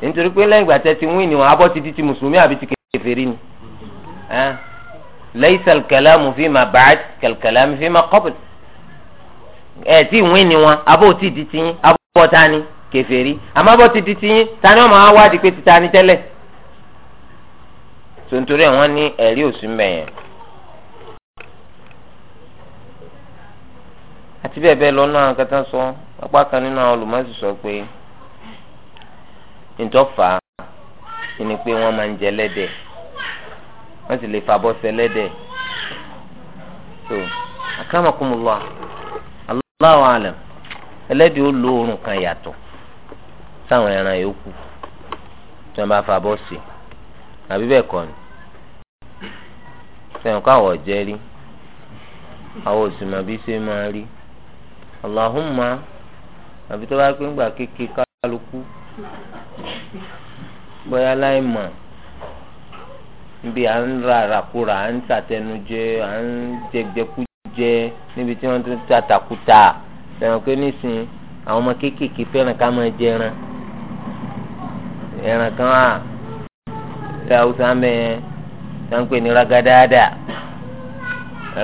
nítorí pé lẹ́yìn ìgbà tẹ́ ti wíìnì wọn abọ́ ti di ti mùsùlùmí àbí ti kèfèrí ni laysa al-kalamu fima ba'd kal-kalami fima qabl ẹ̀ tí ìwé ni wọn abó tí di tiyín abó ta ni kèfèrí àmọ́ bó ti di tiyín ta ni wọ́n máa wá di pé ti ta ni tẹ́lẹ̀ tontorí ẹ̀ wọ́n ní ẹ̀rí òsì mẹ́yẹn. àti bẹ́ẹ̀ bẹ́ẹ̀ lọ́nà àwọn kẹta sọ apá kan nínú àwọn olùmọ̀ọ́sì sọ pé ntọ́fà ni pé wọ́n máa ń jẹ lẹ́dẹ̀ẹ́ wọ́n sì lè fàbọ̀ sẹlẹ́dẹ̀ so akamakumullah Allahu alam ẹlẹ́dẹ̀ ó lo oorun kan yàtọ̀ sáwọn ẹran yòókù tí wọ́n bá fàbọ̀ sí àbí bẹ́ẹ̀ kọ́ ni sẹ́yìn kọ́ jẹ́ rí àwọn òsìmọ̀ bí ṣe máa rí Allahumma àbí tó bá pé ńgbà kékeré kálukú bóyá láì mọ̀ níbi à ń ra àràkúrà à ń tàtẹnujẹ à ń jẹgbẹkújẹ níbi tí wọ́n ti ń ta tàkúta sẹ̀wọ̀n pé nísìnyí àwọn ọmọ kéékèèké fẹ́ràn ká máa jẹ ẹran ẹran kan á ilẹ̀ haúsá mẹ́ẹ̀ tó ń pè ní ragadáadà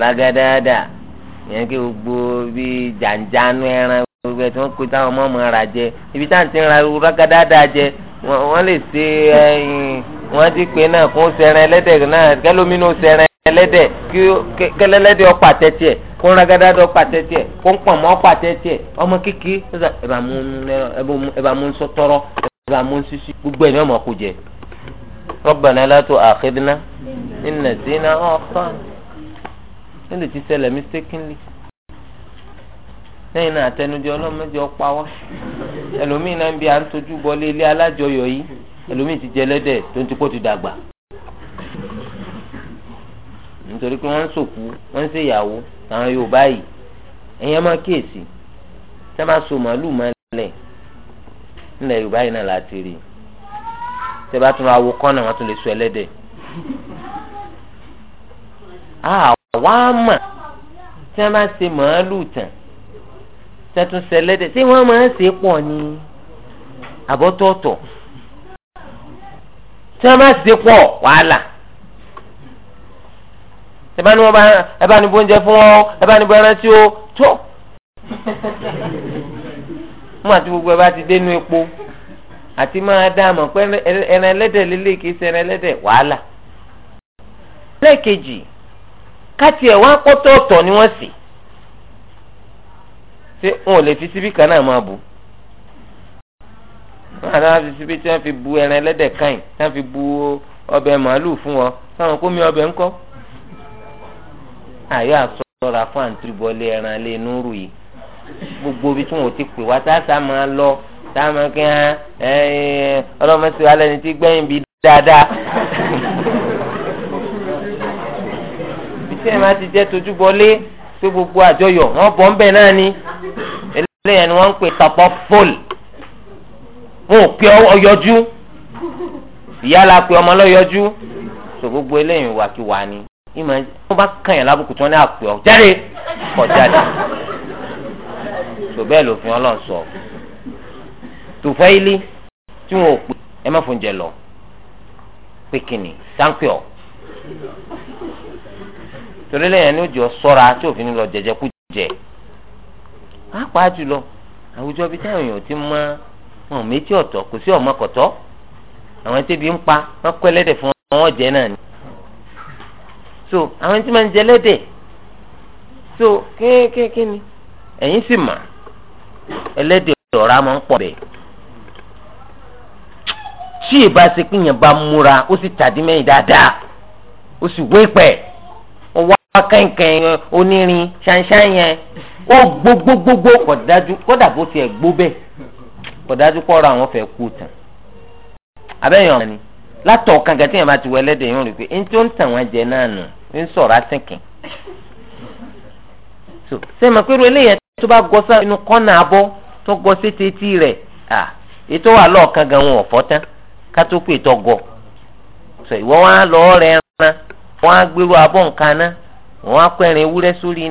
ragadáadà yẹn kí gbogbo bí jàǹjánu ẹran gbogbo ẹ̀ tí wọ́n táwọn ọmọ ọmọ ara jẹ ibi táwọn ti ń ra ragadáadà jẹ wọ́n lè ṣe ẹyin wọ́n ti pè náà kó sẹ̀rẹ̀ ẹlẹ́dẹ̀ náà kẹlómínú sẹ̀rẹ̀ ẹlẹ́dẹ̀ kí kẹlẹ́lẹ́dẹ̀ ọ̀pá tẹ́tẹ́ kó rágádá dọ̀ ọ̀pá tẹ́tẹ́ kó ń pọ̀ mọ́ ọ̀pá tẹ́tẹ́ ọmọ kékeré ẹ̀bà mú sọ́tọ́rọ́ ẹ̀bà mú sísí gbogbo ẹ̀ ní ọmọ kò jẹ. Rabbana la tu'akhidhna in nasina aw akhta'na ní lè ti ṣẹlẹ̀ mistakenly lẹ́yìn náà àtẹnujẹ ọlọ́mọdé ọ̀pá wa ẹlòmíín náà ń bi à ń tojú bọlé ilé alájọyọ̀ yìí ẹlòmíì ti jẹ ẹlẹ́dẹ̀ tó ń ti kó ti dàgbà nítorí pé wọ́n ń sòkú wọ́n ń ṣèyàwó àwọn Yorùbá yìí ẹ̀yin máa kíyèsí tẹ́ bá so màálùú mọ́lẹ̀ nílẹ̀ Yorùbá yìí náà láti rí tẹ́ bá tún ra wo kọ́nà wọ́n tún lè so ẹlẹ́dẹ̀ àwa mà tẹ́ bá ṣe màálùú tán tẹ́ tún ṣẹlẹ́dẹ̀ ṣé wọ́n máa ń ṣe pọ̀ ní àbọ̀tọ̀ọ̀tọ̀ tí wọ́n bá ṣe pọ̀ wàhálà ẹ bá ní wọn bá ẹ bá ní bóúnjẹ fún ọ ẹ bá ní bó ẹran tí ó tó mú àti gbogbo ẹ bá ti dénú epo àti máa dá àmọ̀ pé ẹran ẹlẹ́dẹ̀ lélẹ̀ kìí ṣe ẹran ẹlẹ́dẹ̀ wàhálà. lẹ́ẹ̀kejì káti ẹ̀ wọ́n á ni wọ́n sì ṣé wọn ò lè fi síbí kan náà máa bù náà náà fi síbi tí wọ́n fi bu ẹran ẹlẹ́dẹ̀ kan yìí tí wọ́n fi bu ọbẹ̀ màálù fún ọ táwọn kó mi ọbẹ̀ ńkọ́. àyọ àsọra fún àǹtírìbọlé ẹran lé núrù yìí gbogbo ibi tí wọn ò ti pè wá tá a sá máa lọ tá a máa kí wọn ọlọmọsí wa lẹni tí gbẹ̀yìn bí dáadáa. bísí ẹ̀ máa ti jẹ́ tojúbọlé pé gbogbo àjọyọ̀ wọ́n bọ̀ ń bẹ̀ náà ni eléyìí ni wọ́n ń pè tọ̀pọ̀ fóòlù wọn ò pé ọyọjú ìyá la pé ọmọ lọ́yọjú so gbogbo eléyìí wà kí wà ní ìmọ̀ wọn bá kàn yàn lábùkù tí wọn ní àpè ọ jáde kọ jáde sọ bẹ́ẹ̀ lòfin ọlọ́run sọ tòfẹ́ ilé tí wọn ò pè ẹ má fún jẹ lọ pé kìnnì sáńpẹ́ ọ torí lẹ́yìn ní òjò sọ́ra tí òfin lọ jẹjẹ kú jẹ pàápàá jùlọ àwùjọ bíi táwọn èèyàn ti máa wọn ò méjì ọ̀tọ̀ kò sí ọmọ kọ̀tọ́ àwọn tẹ́bi ń pa wọ́n kọ́ ẹlẹ́dẹ̀ fún wọn jẹ náà ni so àwọn tí máa ń jẹ ẹlẹ́dẹ̀ so kéékèèké ni ẹ̀yin sì mà ẹlẹ́dẹ̀ ọ̀rá máa ń pọ̀ bẹ́ẹ̀ tí ìbá ṣe pínyàn bá múra ó sì tàdí mẹ́yìn dáadáa ó sì wé pẹ̀ wọ́n wá kẹ́ńkẹ́ń onírin ṣáńṣáń yẹn ó gbogbogbogbo kọ̀ dájú kódà bó tiẹ̀ gbó bẹ́ẹ̀. kò dájú pọ̀rọ̀ àwọn fẹ́ kú tán ni látọ̀ yẹn bá ti wọ ẹlẹ́dẹ̀ yẹn rí pé so ṣé mo pé tó bá gọ sá inú kọ́nà abọ́ tó gọ sí tètè rẹ̀ à ètò wà lọ́ọ̀kan gan wọn ọ̀fọ́ tán ká tó pè gọ ìwọ wọn lọ rẹ ẹran wọn abọ́ nǹkan náà wọn ewúrẹ́ sórí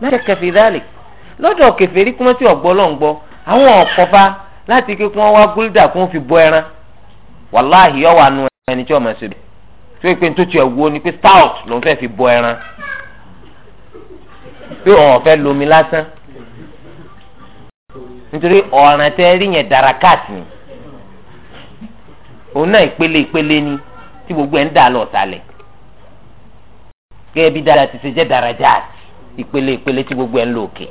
la fi lọ́dọ̀ kèfèrí kí wọ́n ti ọ̀gbọ́ lọ́n àwọn ọ̀kọ́fà láti kí wọ́n wá gúldà kí wọ́n fi bọ ẹran wàláhì yọ̀ wà nù ẹni tí ọmọ ṣe bẹ̀ tí wọ́n pe tó tiẹ̀ wo ni pé stout fẹ́ fi bọ ẹran pé fẹ́ lomi lásán nítorí ọ̀ràn tẹ́ rí yẹn ni òun náà ìpele ìpele ìpele tí gbogbo ẹ̀ ń lò òkè.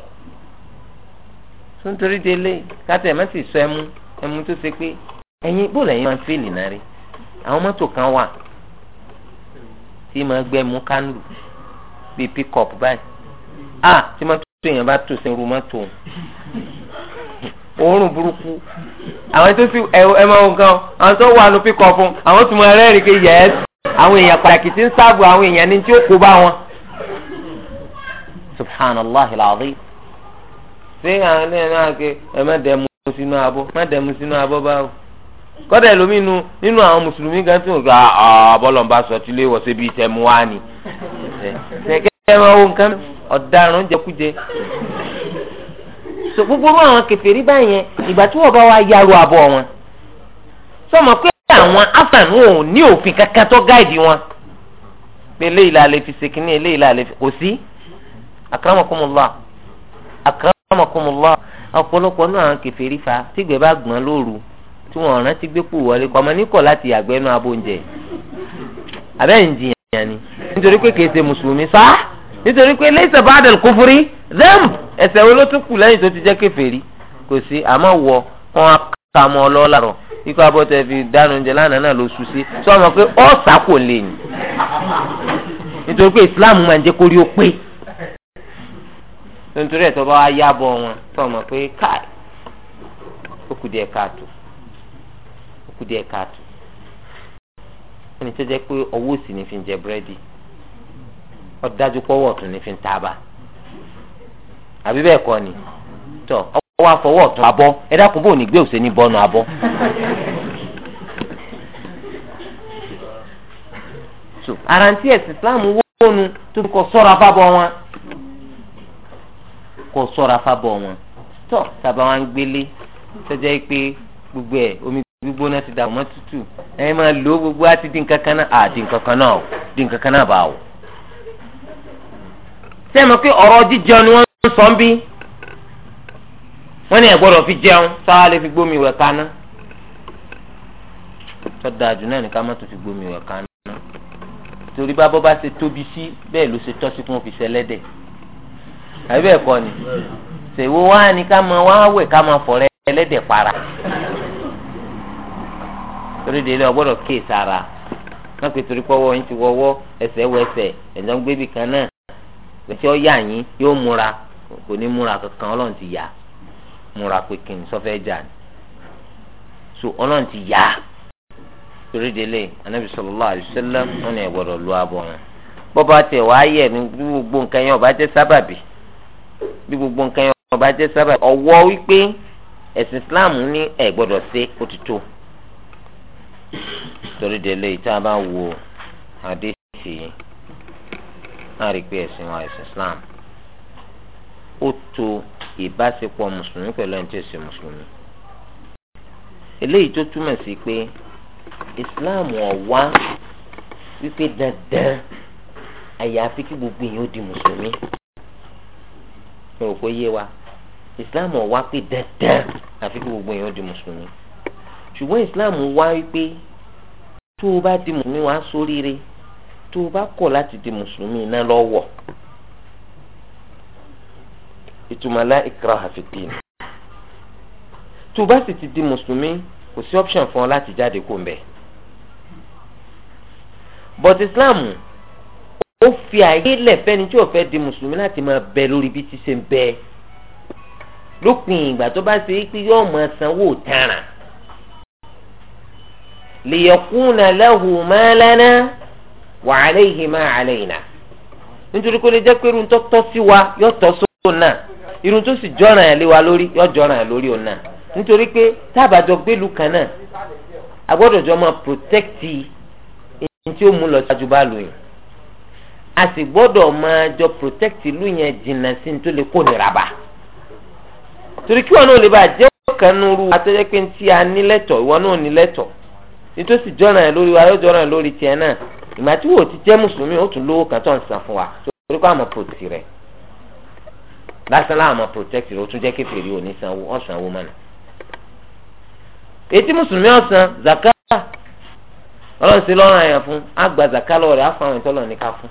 tó ń torí délé kátà ẹ̀ má sì sọ ẹmu ẹmu tó ṣe pé ẹ̀yin bóòlù ẹ̀yin máa ń fèlì náà rí àwọn mọ́tò kan wà tí máa gbẹ́ mú kánú bíi pickup báyìí ah tí mọ́tò èèyàn bá tò sí irú mọ́tò òórùn burúkú àwọn tó sì ẹ máa ń gan àwọn tó wà ní pickup àwọn tó máa rẹ́rìn-ín pé yẹ́ẹ́sì àwọn èèyàn pàtàkì tí ń sáàbù àwọn èèyàn ní tí ó kó bá wọn subhanallah alazim ṣé àwọn ilé náà ké ẹ má dẹ̀ mú sínú abọ́ má dẹ̀ mú sínú abọ́ báwo kọ́dà ẹlòmíì nu nínú àwọn mùsùlùmí gan tí wọ́n gbà bọ́lọ̀mbà sọtí lé wọ́n síbi ìtẹ̀mú wa ni ṣẹ̀kẹ́ máa wo nǹkan ọ̀daràn jẹkújẹ so gbogbo àwọn kèfèrí báyẹn ìgbà tí wọ́n bá wá yarò abọ́ wọn sọmọ pé àwọn afan wọn ò ní òfin kankan tó gáìdì wọn pé eléyìí la lè fi ṣèkínní eléyìí la lè fi kò sí akramakumullah akramakumullah ọ̀pọ̀lọpọ̀ náà àwọn kèfèrí fa tígbẹ́ bá gbọ́n lóru tí wọ́n rántí gbé kú wọlé kọ́mọ níkọ̀ láti yàgbẹ́ nu abóúnjẹ abẹ́yìn jìyàn ni nítorí pé kèsè mùsùlùmí sá nítorí pé laysa ba'dal kufri them ẹ̀ṣẹ̀ wo ló tún kù lẹ́yìn tó ti jẹ́ kèfèrí kò sí àmọ́ wọ wọn ká mọ́ ọ lọ́ọ́ làrọ̀ ikú abọ́tẹ fi dánu oúnjẹ lánàá náà ló sùn sí sọ ma pé ọ̀ sá kò lè ní nítorí pé Islam máa ń jẹ́ kórí ó pé nítorí ẹ̀ tó bá wá yábọ̀ wọn tó ọmọ pé káì ó kù díẹ̀ káàtó ó kù díẹ̀ káàtó ẹni tó jẹ́ pé ọwọ́ òsì ni fi ń jẹ búrẹ́dì ó dájú pọ́wọ́ ni fi ń tábà àbí bẹ́ẹ̀ kọ́ ni tọ́ ọwọ́ afọwọ́ ọ̀tún abọ́ ẹ dákun bò ní gbé òsè ní bọ́ọ̀nù abọ́. ara ń Islam wọ́n nu tó kọ sọ́ra fábọ́ wọn kó sọ́ra fábọ̀ wọn tọ́ sábà wọn gbélé sọ́jà yìí pé gbogbo ẹ̀ omi gbígbóná ti dàpọ̀ mọ́ tútù ẹ máa lo gbogbo àti dín kankan náà à dín kankan náà dín kankan náà bá wò. sẹ́mi pé ọ̀rọ̀ jíjẹun ni wọ́n ń sọ ń bí wọ́n ní ẹ gbọ́dọ̀ fi jẹun sáà lè fi gbómi wẹ̀ kaná tọ́da àjù náà ní ká má tó fi gbómi wẹ̀ kaná torí bá bọ́ bá ṣe tóbi sí bẹ́ẹ̀ ló ṣe tọ́ sí kí fi ṣẹlẹ́dẹ̀. àbí ẹ̀kọ́ ni ṣèwọ́ wá ní ká máa wá wẹ̀ ká máa fọ̀rẹ́ ẹlẹ́dẹ̀ para torí délé ọgbọ́dọ̀ kéè sára má pé torí pọ́wọ́ yín ti wọ́wọ́ ẹsẹ̀ wẹsẹ̀ ẹ̀dá ń kan náà pẹ̀sẹ̀ ọ̀yà yín yóò múra kò ní múra kankan ọlọ́run ti yá múra pé kí n sọ́fẹ́ jà ní so ọlọ́run ti yá torí délé anabi sallallahu alaihi wasallam wọn ni ẹ lu abọ́ wọn ní gbogbo nǹkan yẹn ọba sábàbí. bí gbogbo nǹkan yẹn ọba jẹ́ sábà ọwọ́ wípé ẹ̀sìn Islam ní ẹ̀ gbọ́dọ̀ ṣe ó ti tó torí délé tá a bá wo àdéhìsì yìí náà rí pé ẹ̀sìn wa ẹ̀sìn Islam ó tó ìbáṣepọ̀ mùsùlùmí pẹ̀lú ẹni tí ó ṣe mùsùlùmí eléyìí tó túmọ̀ sí pé Islam ọ̀wá wípé dandan àyàfi kí gbogbo èèyàn ó di mùsùlùmí mo rò pé yé wa islam wá pé dandan àfi kí gbogbo èèyàn di mùsùlùmí ṣùgbọ́n islam wá wípé tó o bá di mùsùlùmí wàá ṣoríire tó o bá kọ̀ láti di mùsùlùmí iná lọ́wọ́ ìtumọ̀ la ikraha tó o bá sì ti di mùsùlùmí kò sí option fún ọ láti jáde kó mbẹ but islam. ó fi àyè lẹ̀ fẹ́ni tí ò di mùsùlùmí láti máa bẹ lórí bí ti ṣe ń bẹ lópin ìgbà tó bá ṣe é pé yóò máa sanwó tààrà liyakuna lahu ma lana wa alayhi ma alayna nítorí kó lè jẹ́ pé irun tó tọ́ sí wa yóò tọ́ sóun náà irun tó sì jọ̀ràn ẹ̀ lé wa lórí yóò jọ̀ràn ẹ̀ lórí òun náà nítorí pé tábàjọ gbélú kan náà jọ máa protect tí ó mú lọ a sì gbọ́dọ̀ máa jọ protect ìlú yẹn jìnnà sí ní tó lè kó nira bá torí kí wọn náà lè bá jẹ́ ọ̀kan nuru atọ́jẹ́ pé tí a ní lẹ́tọ̀ ìwọ náà ní lẹ́tọ̀ nítòsí jọ́ràn ẹ̀ lórí wa yóò jọ́ràn ẹ̀ lórí tiẹ̀ náà ìgbà tí wò ó ti jẹ́ mùsùlùmí ó tún lówó kan tó ń san fún wa torí kó àmọ́ protect rẹ̀ lásán láàmọ́ protect rẹ̀ ó tún jẹ́ kékeré òní sanwó ọ̀sánwó mọ́nà ètí mùsùlùmí ọ̀sán zaka ọlọ́run sí lọ́rùn àyàn fún àgbà zaka lọ́wọ́ rẹ̀ àwọn ìtọ́lọ́ ní fún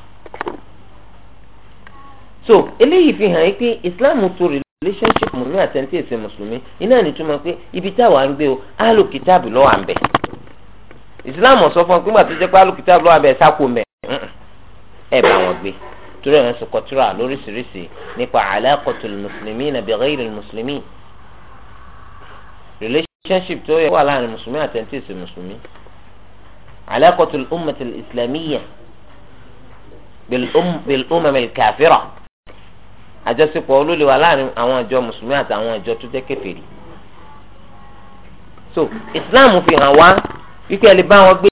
so eléyìí fi hàn yín pé islam tó relationship mùsùlùmí àti ẹni tí èsè mùsùlùmí iná ní túmọ̀ pé ibi táwa ń gbé o alu kitabu lọ́wọ́ à ń bẹ̀ islam sọ fún ọ pé nígbà tó jẹ́ pé alu kitabu lọ́wọ́ à ń bẹ̀ sáko mẹ́ ẹ bá wọn gbé torí ẹ̀rọ sọ̀kọ̀ tura lóríṣiríṣi nípa alákọ̀tòlù mùsùlùmí nàbí ghayril mùsùlùmí relationship tó yẹ wà láàrin mùsùlùmí àti ẹni tí èsè mùsùlùmí alákọ̀tòlù ummatil islamiyya bil umam al kafira àjọṣepọ̀ olólè wà láàrin àwọn àjọ mùsùlùmí àtàwọn àjọ tó jẹ́ kèfèrí so islam fi hàn wá wípé ẹ lè bá wọn gbé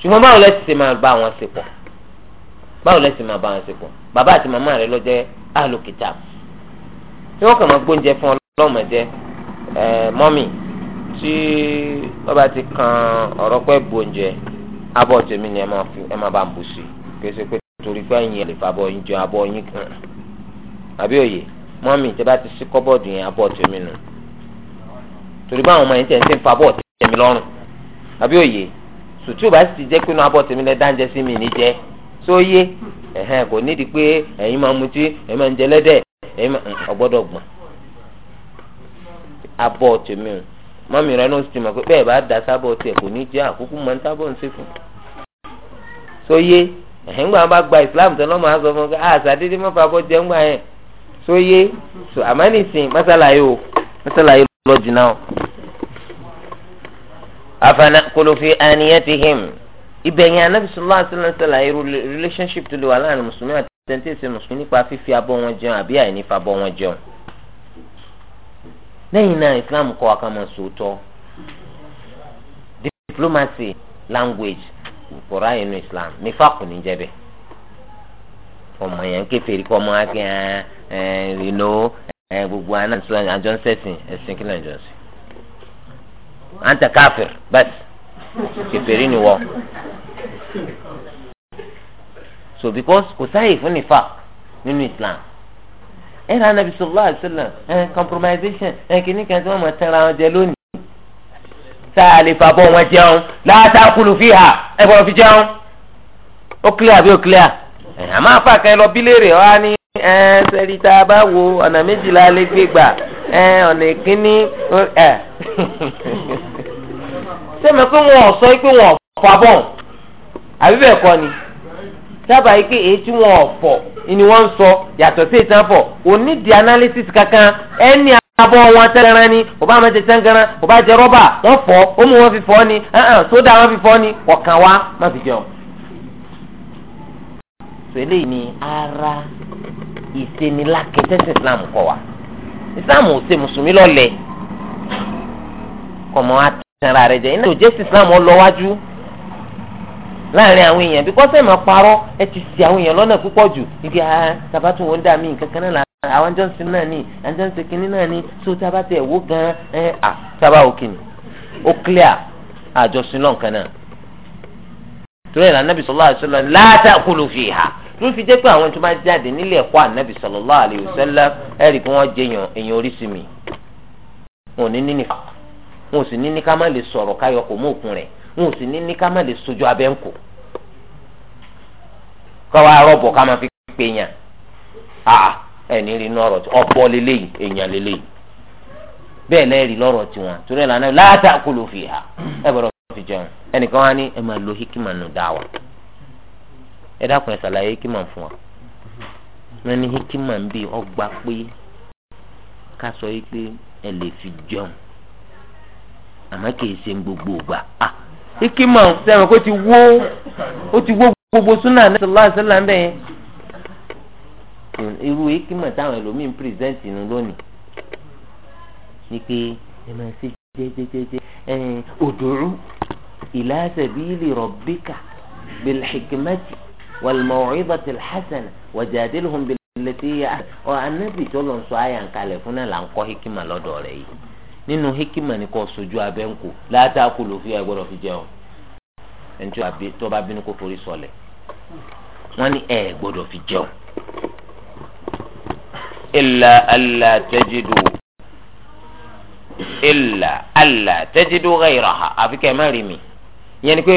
ṣùgbọ́n báwo lẹ ti ṣe máa bá wọn ṣe pọ̀ báwo lẹ ti máa bá wọn ṣe pọ̀ bàbá àti màmá rẹ ló jẹ́ ahlu kitab tí wọ́n kàn máa gbóúnjẹ fún ọlọ́mọ jẹ mọ́mì tí wọ́n bá ti kan ọ̀rọ̀ pẹ́ gbóúnjẹ abọ́ tèmi ni ẹ máa bá ń bù sí kí ẹ ṣe pé torí pé ẹ̀yin ẹ̀ lè fa abọ́ yín jẹun abọ́ yín kan. àbí òye mọ́mì tẹ bá ti sí kọ́bọ̀dù yẹn abọ́ tèmi nù torí báwọn ọmọ yẹn tẹ̀ ń sìn fa abọ́ tèmi lọ́rùn àbí òye sùtú bá sì ti jẹ́ pé inú abọ́ tèmi lẹ́ dáńjẹ́ sí mi níjẹ́ sóyé ẹ̀hẹ́n kò nídìí pé ẹ̀yin máa mutí ẹ̀yin máa ń jẹ lẹ́dẹ̀ ẹ̀yin ọgbọ́dọ̀ gbọ̀n rẹ ló ti mọ̀ pé bẹ́ẹ̀ bá da gba ìsìlámù lọ́mọ fún un àṣà ah, mọ́fà bọ́ jẹ́ ńgbà yẹn so yé so àmọ́ nísìnyí masalaye o masalaye lọ jìnnà o. afana kolofi aniyatihim ibẹ̀yìn anabi sallallahu alaihi wa sallam relationship tó lè wà láàrin mùsùlùmí àti tẹ̀ntẹ̀sẹ̀ mùsùlùmí nípa fífi abọ́ wọn jẹun àbí àìnífa abọ́ wọn jẹun. lẹ́yìn náà islam kọ́ wa sòótọ́ diplomacy language kò ráyè nu islam nífàkùn níjẹ́ bẹ́ẹ̀ ọmọ yẹn kèfèrí kọ́ ọmọ akẹ́ ẹ̀ ìlò ẹ̀ gbogbo anáṣọ àjọ ń sẹ́sìn ẹ̀sìn kí lóun jọ sí. anta káfíìr bẹ́ẹ̀ kèfèrí ni wọ́n. so because kò sáyè fún nífà nínú Islam ẹ ra anabi sallallahu alaihi wasallam ẹ compromisation ẹ kìíní kan tí wọ́n mọ̀ tẹ́ra wọn jẹ lónìí sáà lè fà bọ́ wọn jẹun la ta'kulu fiha ẹ bọ̀ fi jẹun ó clear àbí ó clear. àmọ́ àfàkẹ́ lọ bí ọ́ á ní sẹ́rí tá a bá wo ọ̀nà méjìlá lè gbé gbà ọ̀nà ìkíní sẹ́mi pé wọn ò sọ pé wọn ò fà bọ̀ àbí bẹ́ẹ̀ kọ́ ni sábà yìí pé èyí tí wọn ò fọ̀ ni wọn ń sọ yàtọ̀ sí ìtàn fọ̀ onídìí analysis kankan ẹni abọ́ wọn tẹ́ran ni ọba àmọ́ tẹ́tẹ́ gan ọba jẹ rọ́bà wọ́n fọ̀ ó mú wọn fi fọ̀ ni wọn fi fọ̀ ni ọ̀kan wa má fi jẹun. sọlẹ ni ara ìseniláke tẹsí islam kọ wa islam ò ṣe mùsùlùmí lọ́lẹ̀ kọmọ àtẹnra rẹ jẹ iná ìjẹ sí islam ọlọwájú láàrin àwọn èèyàn bí kọ́sẹ̀ máa parọ́ ẹ ti ṣì àwọn èèyàn lọ́nà púpọ̀ jù ibi àá tabatu wọn dà mí nǹkan kan náà àwọn jọ́sìn náà ni àwọn jọ́sìn kìíní náà ni tó tabatẹ̀ wó gan ẹ à tábà òkè ó clear àjọsìn lọ́nkàn náà torí ẹ̀ lànà bí àṣọ lọ́nà látàkùlù fi hà ló fi jẹ́ pé àwọn tó máa jáde nílé ẹ̀kọ́ ànábì sallallahu alaihi wasallam ẹ̀rí pé wọ́n jẹ èèyàn oríṣi mi wọn ò ní ní nìkan wọn ò sì ní ká má lè sọ̀rọ̀ káyọ òkun rẹ̀ wọn ò sì ká má lè sojú abẹ́ ká fi pé yàn àà ẹni rí lọ́rọ̀ tí ọ̀pọ̀ lélẹ́yìn èèyàn lélẹ́yìn bẹ́ẹ̀ lẹ́rìí lọ́rọ̀ tiwọn torí ẹ̀ lánàá látàkùlù fìhà ẹ̀ bọ̀rọ̀ fi jẹun ẹnìkan lo hikima nù dáwà. ẹ dákun ẹ ṣàlàyé hikima fún wa wọn ní hikima ń bí ọgbà pé ká sọ yìí pé ẹ lè fi jẹun àmọ́ kìí ṣe gbogbo ìgbà ah hikima sẹ́wọ̀n kó ti wó gbogbo súnà ń yẹn irú hikima táwọn lónìí ni pé ẹ máa ṣe jẹjẹjẹjẹ ẹ والموعظة الحسنة وجادلهم بالتي هي أحسن والنبي تولون سوايا كالفونا لانكو هكما لدوري nínú hikima ni kò sojú abẹ́ ń kó látàkù ló fi ẹ gbọ́dọ̀ fi jẹun ẹni tó bá bínú kó forí sọlẹ̀ wọ́n ní ẹ gbọ́dọ̀ fi jẹun. illa alla tajidu illa alla tajidu ghayraha àfi kẹ́ ẹ má rí mi yẹn ni pé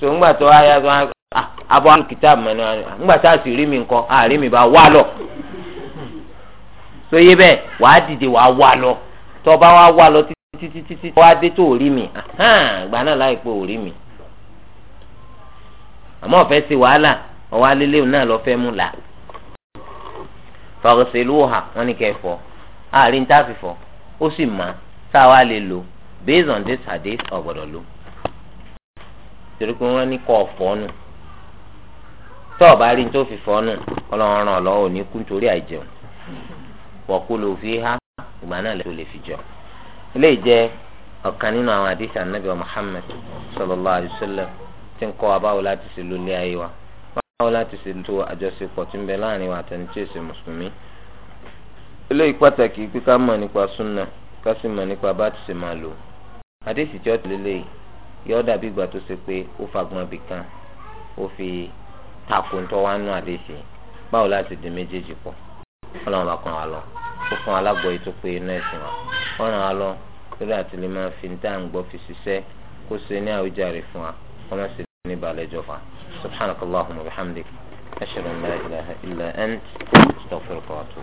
so ńgbà tó wáyà tó wáyà abọ́ ah, alùkìtà mẹ́nu ńgbà tá a sì rí mi nǹkan a mi bá wà lọ. so yé bẹ́ẹ̀ wàá dìde wàá wà lọ tó bá wàá wà lọ títí títí wàá dé tó rí mi gbà náà láìpẹ́ ò rí mi. àmọ́ ọ̀fẹ́ sí wàhálà ọwọ́ alẹ́lẹ́ náà lọ fẹ́ mú la. fàrọ̀sẹ̀lúwà wọn ni kẹfọ́ àárín tá a fi fọ́ ó sì mọ̀ tá lè lò based on this hadith ọ̀gbọ̀dọ̀ lò. torí pé wọ́n ní kọ́ ọ̀fọ́nù tọ́ rí tó fi fọ́nù ọlọ́run ràn lọ́wọ́ òní kú nítorí àìjẹun wọ́kú ló fi há ìgbà náà lè lè fi jọ. ilé ìjẹ́ ọ̀kan nínú àwọn sallallahu alaihi ti ń kọ́ láti ṣe lólé ayé wa láti ṣe tó àjọṣepọ̀ tí ń bẹ láàrin wa àtẹni tí mùsùlùmí. pé ká mọ̀ nípa súnà ti ṣe máa lò yọ dàbí ìgbà tó ṣe pé ó fagbọn bì kan ó fi takò ńtọ́ wá nù àdéhìí báwo láti di méjèèjì pọ̀ ọlọ́run bá kàn wá lọ ó fún alágbọ̀ọ́yé tó pé inú ẹ̀sìn wa wọ́n ràn wá lọ lórí àtìlẹ́ máa fi dá ń gbọ́ fi ṣiṣẹ́ kó ṣe ní àwíjàre fún wa kó má ṣe ní balẹ̀jọ́ fa subhanaka allahumma wa bihamdik ashhadu an la ilaha illa ant astaghfiruka wa atubu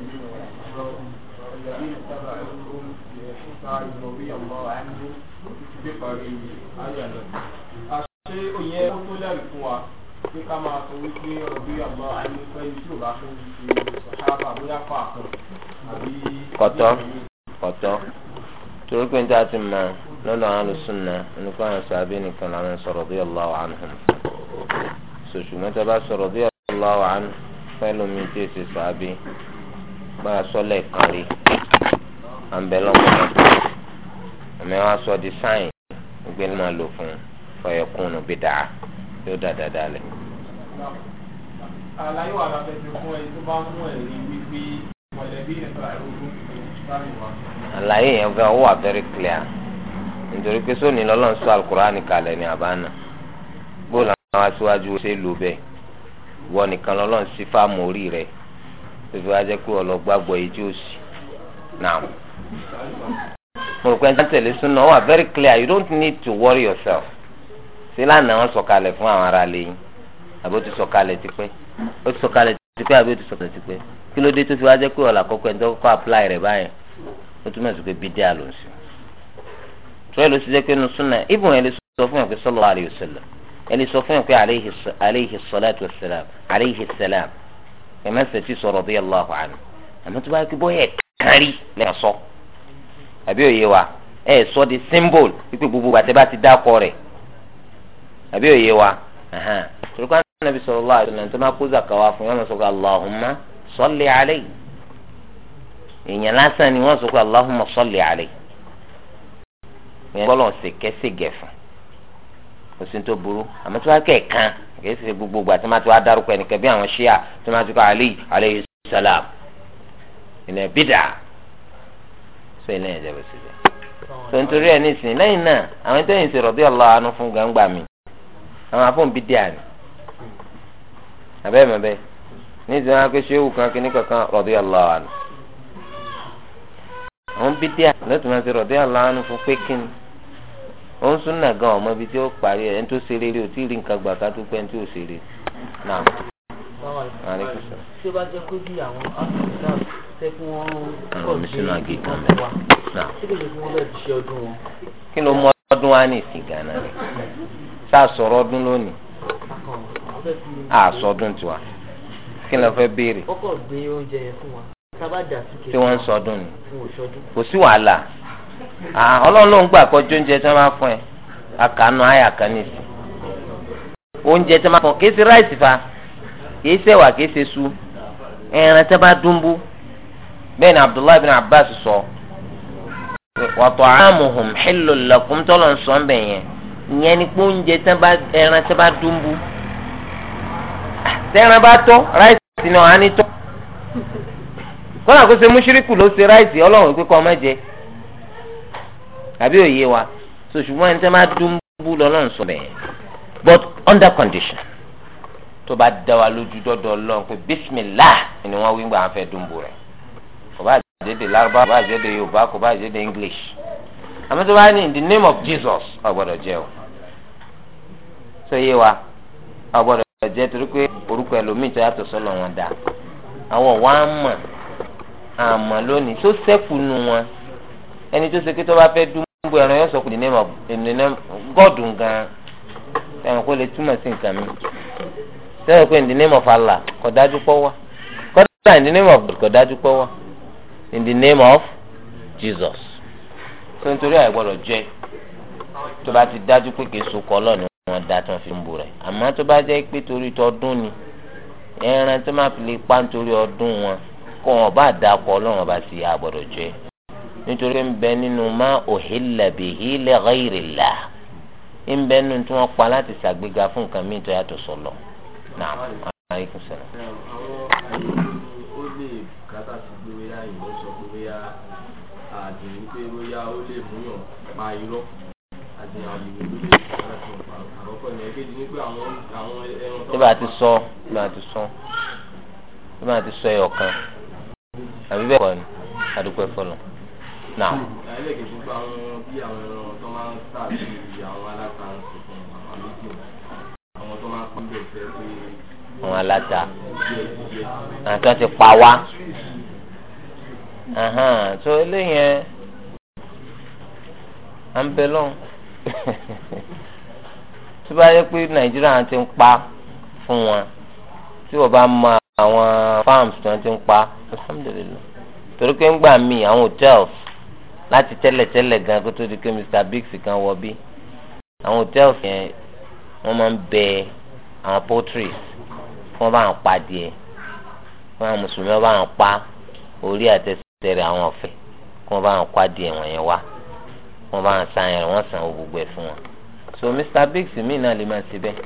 parí ayà náà. àṣé òye ó tó lẹ́rìí fún wa pé ká máa sọ wípé ọ̀rọ̀ bí àgbà àyẹ̀fẹ́ yìí tí ò bá fún ṣe ṣàṣàbà bóyá fà kan àbí. kọtọ kọtọ torí pé níta ti mọ lọ́dọ̀ àwọn alùsùnà nípa àwọn sàbẹ̀ nìkan làwọn sọ̀rọ̀ bí ọlọ́wọ́ àánú. sòṣùgbọ́n tá a bá sọ̀rọ̀ bí ọlọ́wọ́ àánú fẹ́ lómi tí èsì sàbẹ̀ bá a sọ lẹ́ẹ̀kan rí àǹbẹ̀lọ́mọ́ àmì wa sọ di sáìn gbogbo ẹni máa lò fún fọyọkùnù bìdà yóò dà dáadáa lẹ. àlàyé wà lábẹ́ ti fún ẹni tó bá mú ẹ̀rí wípé mọ̀lẹ́bí ẹ̀fọ́ àìrógún ìfẹ́ àlàyé yẹn gan ó wà very clear nítorí pé sóòní lọ́lọ́run sọ alukur'ani kalẹ̀ ní àbáànà bóòlù àwọn aṣáájú ṣe lò bẹ́ẹ̀ wọ́n nìkan lọ́lọ́run sí fáàmù orí rẹ̀ tó fi wá jẹ́ pé ọlọ́gbàgbọ́ yìí tí ó sì náà. mo rò pé ẹja tẹ̀lé súnà wà very clear you don't need to worry yourself ṣé lánàá wọn sọ̀kalẹ̀ fún àwọn ará lẹ́yìn àbí ó ti sọ̀kalẹ̀ tipẹ́ ó ti sọ̀kalẹ̀ tipẹ́ àbí ó ti sọ̀kalẹ̀ tipẹ́ kí ló dé tó fi wá jẹ́ pé ọ̀là kọ́kọ́ ẹ̀ ń tọ́kọ́ apply rẹ̀ báyẹn ó túmọ̀ sí pé bídẹ́ àlò ń sìn tọ́ ẹ ló ti jẹ́ pé nu súnà ibùn ẹ lè sọ fún yàn pé sọ́lọ́ àlè òṣèlú ẹ lè sọ fún yàn pé àléhì sọ́láàtù ṣẹlẹ̀m àléhì ṣẹlẹ̀m ẹ̀ mẹ́sẹ̀ tí sọ̀rọ̀ bí ẹ lọ́ọ̀ àná àmọ́ tó bá yẹ kí bóyá ẹ̀ kárí lẹ́yìn sọ́ọ́ àbí òye wa ẹ sọ di symbol wípé gbogbo àti bá ti dákọ rẹ̀ àbí òye wa turukọ anabi sallallahu alaihi wasallam tó kó zaka wa fún yọọ ma sọ pé Allahumma salli alayhi èèyàn lásán ni wọn sọ pé Allahumma òsín tó burú àmọ́ gbogbo ìgbà tí wọ́n ẹnìkan bí Ali ṣe ilé ẹ̀jẹ̀ bó ṣe jẹ́ tontori ẹ̀ nísìnyí lẹ́yìn náà àwọn fún gbangba mi àwọn afọ́n bí díà ni abẹ́ mẹ́bẹ́ nísìnyí wọn akéṣe ewu kan kíní kankan rọ̀bí ọlọ́wọ́ àánú àwọn bí díà lọ́tù máa ṣe rọ̀bí fún pé kíni òun sún náà gan ọmọ ibi tí ó parí tó ṣe rere ò àwọn omi sínú àgé kan náà. kí ló mú ọdún wa ní ìsìn gánà rẹ̀ sáà sọ̀rọ̀ ọdún lónìí àsọdún tiwa kí ló fẹ́ béèrè. kọ́kọ́ gbé tí wọ́n ń sọdún ni kò sí wàhálà ọlọ́run ló ń gbà kọjú oúnjẹ tí wọ́n bá fún ẹ akànú àyà kan nìsín oúnjẹ tí wọ́n bá fún kìí ṣe ráìsì fa kìí ṣe wà kìí ṣe su ẹran tí wọ́n bá dúnbú bẹ́ẹ̀ ni abdullahi bin abbas sọ wa ta'amuhum hillul lakum tọ́lọ̀ ń sọ ńbẹ̀ yẹn ìyẹn ni pé oúnjẹ tán bá ẹran tán bá dúnbú tẹ́ran bá tọ́ ráìsì náà á ní tọ́ kọ́nà kó ṣe múṣíríkù ló ṣe ráìsì ọlọ́run pé kọ́ ọ má jẹ àbí òye wa so ṣùgbọ́n ẹni tẹ́ máa dúnbú lọ́lọ́run sọ bẹ́ẹ̀ but under condition tó bá dá wa lójú dọ́dọ̀ ọlọ́run pé bismillah ni wọ́n wí gbà á fẹ́ dúnbú rẹ̀ àjẹdè lárúbá bá àjẹdè yorùbá kò bá àjẹdè english àmọ́ bá ní in the name of jesus ọ̀gbọ́dọ̀ jẹ́ o tó yé wa ọ̀gbọ́dọ̀ jẹ́ torí pé orúkọ ẹlòmíì tó yàtọ̀ sọ́lọ̀ wọn dá àwọn wa mọ̀ àmọ́ lónìí tó sẹ́kù nu wọn ẹni tó ṣe pé tó bá fẹ́ dúnbò ẹran yóò sọ pé the name of the name god gan ẹ̀wọ̀n kó lè túmọ̀ sí nǹkan mi tẹ́lẹ̀ pé in the name of allah kò dájú pọ̀ kọ́dà in the name of god kò dájú pọ̀ in the name of Jesus tó ń torí àìgbọ́dọ̀ tó bá ti dájú pé kìí sokọ ọlọ́ọ̀ni wọn dá tó fi ń bu rẹ̀ àmọ́ tó bá jẹ́ pé torí tọdún ni ẹran tó máa fi lè pa nítorí ọdún wọn kó wọn bá dá ọkọ ọlọ́run bá ti àgbọ́dọ̀ jẹ́ nítorí ń bẹ nínú má uhilla bihi ń bẹ nínú tí wọ́n pa láti ṣàgbéga fún nǹkan mìíràn tó yàtọ̀ sọ̀lọ̀ náà àríkùsọ̀rọ̀. bóyá ó lè múyàn pa irọ́ àti àyèwò ló lè pa àkọ́kọ́ ní ẹ̀kejì ní pé àwọn àwọn ẹran tó. nígbà tí sọ nígbà tí sọ nígbà tí sọ ẹyọ kan àbí bẹ́ẹ̀ kọ́ ni adúpẹ́ fọlọ́ náà. ẹlẹ́kẹ̀ẹ́ gbogbo àwọn bí àwọn ẹran tó máa ń tà bí àwọn aláta ń sọ̀tàn àwọn méjì àwọn tó máa ń pín bẹ́ẹ̀ fẹ́ pé. àwọn aláta àti wọn ti pa wá. tó eléyẹn à ń bẹ lọ́n bá yẹ pé nàìjíríà ti ń pa fún wọn tí wọ́n bá mọ àwọn farms tí wọ́n ti ń pa torí pé ń gbà mí àwọn hotels láti tẹ́lẹ̀tẹ́lẹ̀ gan kó tó di pé Mr Biggs kan wọ bí àwọn hotels yẹn wọ́n máa ń bẹ àwọn poultries wọ́n bá ń pa díẹ̀ wọ́n àwọn mùsùlùmí wọ́n bá ń pa orí àtẹsẹ̀rẹ̀ àwọn ọ̀fẹ́ wọ́n bá ń pa díẹ̀ wọ̀nyẹn wá wọ́n bá ń san yẹn wọ́n san gbogbo ẹ̀ fún wọn. so Mr Biggs mi náà lè máa ṣe bẹ́ẹ̀.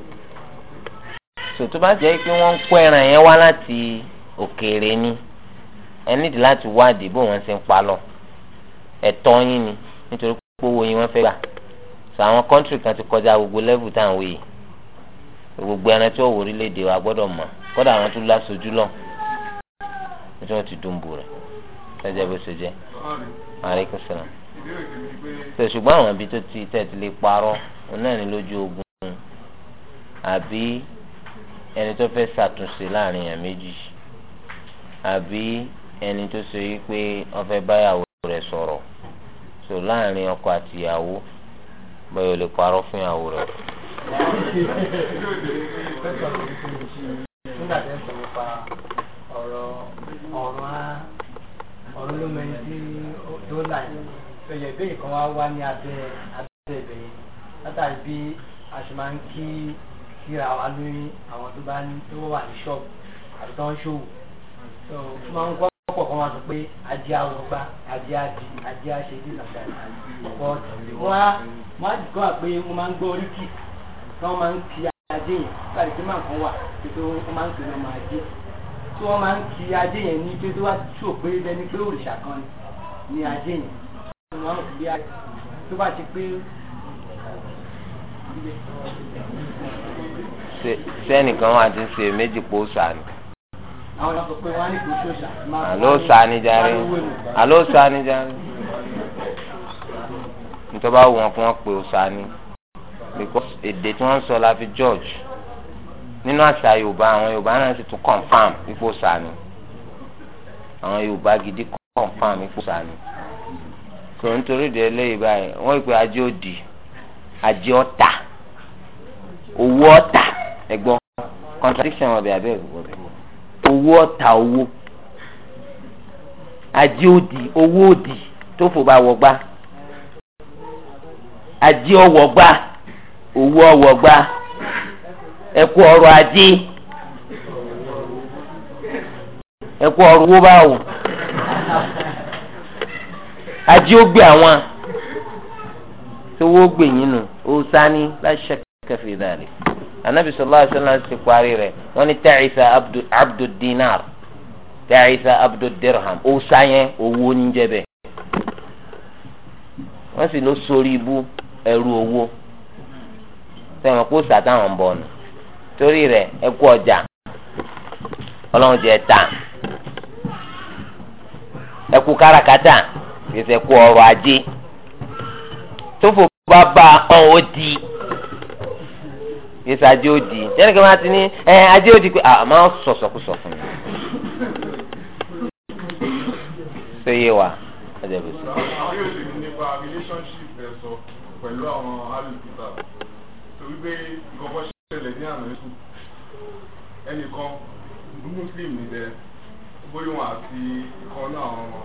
so tó bá jẹ́ pé wọ́n ń kó ẹran yẹn wá láti òkèèrè ni ẹ nídìí láti wádìí bó wọ́n ṣe ń palọ̀ ẹ̀tọ́ yín ni nítorí pé owó yín wọ́n fẹ́ gbà. so àwọn kọ́ńtìrì kan ti kọjá gbogbo lẹ́vù tá à ń wé yìí gbogbo ẹran tí ó wò orílẹ̀-èdè wa gbọ́dọ̀ mọ̀ kọ́dà àwọn tó lásojú lọ nítorí wọ́n ti dùn bù rẹ̀ ṣáájú ṣùgbọ́n àwọn ibi tó ti tẹ̀tí lè parọ́ onáàrin lójú ogun àbí ẹni tó fẹ́ ṣàtúnṣe láàrin yàn méjì àbí ẹni tó ṣe wípé wọ́n fẹ́ báyàwó rẹ̀ sọ̀rọ̀ so láàrin ọkọ àti ìyàwó bẹ́ẹ̀ o lè parọ́ fún ìyàwó rẹ̀. nígbà ọ̀rọ̀ ọ̀rọ̀ ọ̀rọ̀ ló mẹ́rin tí ó là yìí ẹ̀yẹ̀ ìbéèrè kan wá wá ní abẹ́ abẹ́ ibẹ̀ yẹn látàrí bí a ṣe máa ń kí kíra wa lórí àwọn tó bá tó wà ní ṣọ́ọ̀bù àti tó ń ṣòwò tó máa ń kọ́ pọ̀ kan wá sọ pé ajé awọgbá ajé adi ajé aṣèjì nàṣà ọ̀pọ̀ wá wá dìgbọ́ àpé mo máa ń gbọ́ orí kì tí wọ́n máa ń kí ajé yẹn láti pé máa kan wà pé tó wọ́n máa ń pè lọ́mọ ajé tí wọ́n máa ń kí ajé yẹn ní pé tó wá ṣòpé lẹ́ni pé òrìṣà kan ni ajé yẹn máa ń fi àyè tó bá ti pé. sẹ́nìkan wà tí ń ṣe méjì pò sànù. àwọn ọ̀sán pé wọ́n á ní kò ṣó ṣà. àló sànì jàre àló sànì jàre. nítorí bá wù wọn kí wọ́n pè ó sànì because èdè tí wọ́n ń sọ la fi George nínú àṣà Yorùbá àwọn Yorùbá náà sì tún confam ipò sànì àwọn Yorùbá gidi confam ipò sànì tó ń torí de eléyìí báyìí wọ́n pè ajé òdì ajé ọ̀tà owó ọ̀tà ẹ̀gbọ́n contradiction ọ̀bẹ abẹ́ ọ̀bẹ owó ọ̀tà owó ajé òdì owó òdì tó fò bá wọgbá ajé ọwọgbá owó ọwọgbá ẹkú ọrọ̀ ajé ẹkú ọrọ̀ owó báwò. ajé ó gbé àwọn sowó gbè yín nù sani láṣẹ kẹfì dàrí anabi sọlá àṣọlá ti parí dinar abdu dirham òsányẹ owó oníjẹ bẹ wọ́n sì lọ sórí ibú ẹrú owó sẹ́wọ̀n kó sàtàwọn bọ̀ nù torí rẹ̀ ẹ ọjà ọlọ́run jẹ kárakáta. gbèsè kú ọrọ̀ ajé tófò bá bá ọ̀n ó di gbèsè ajé ó di jẹ́ni kí wọ́n ti ní ẹ ajé ó di pé àà máa ń sọ̀sọ̀kúsọ fún mi. ṣé yé wa ọjà bẹ̀rẹ̀ sí. àwọn ṣe ẹnìkan muslim ni bẹ́ẹ̀ bóyá wọn àti ìkan náà àwọn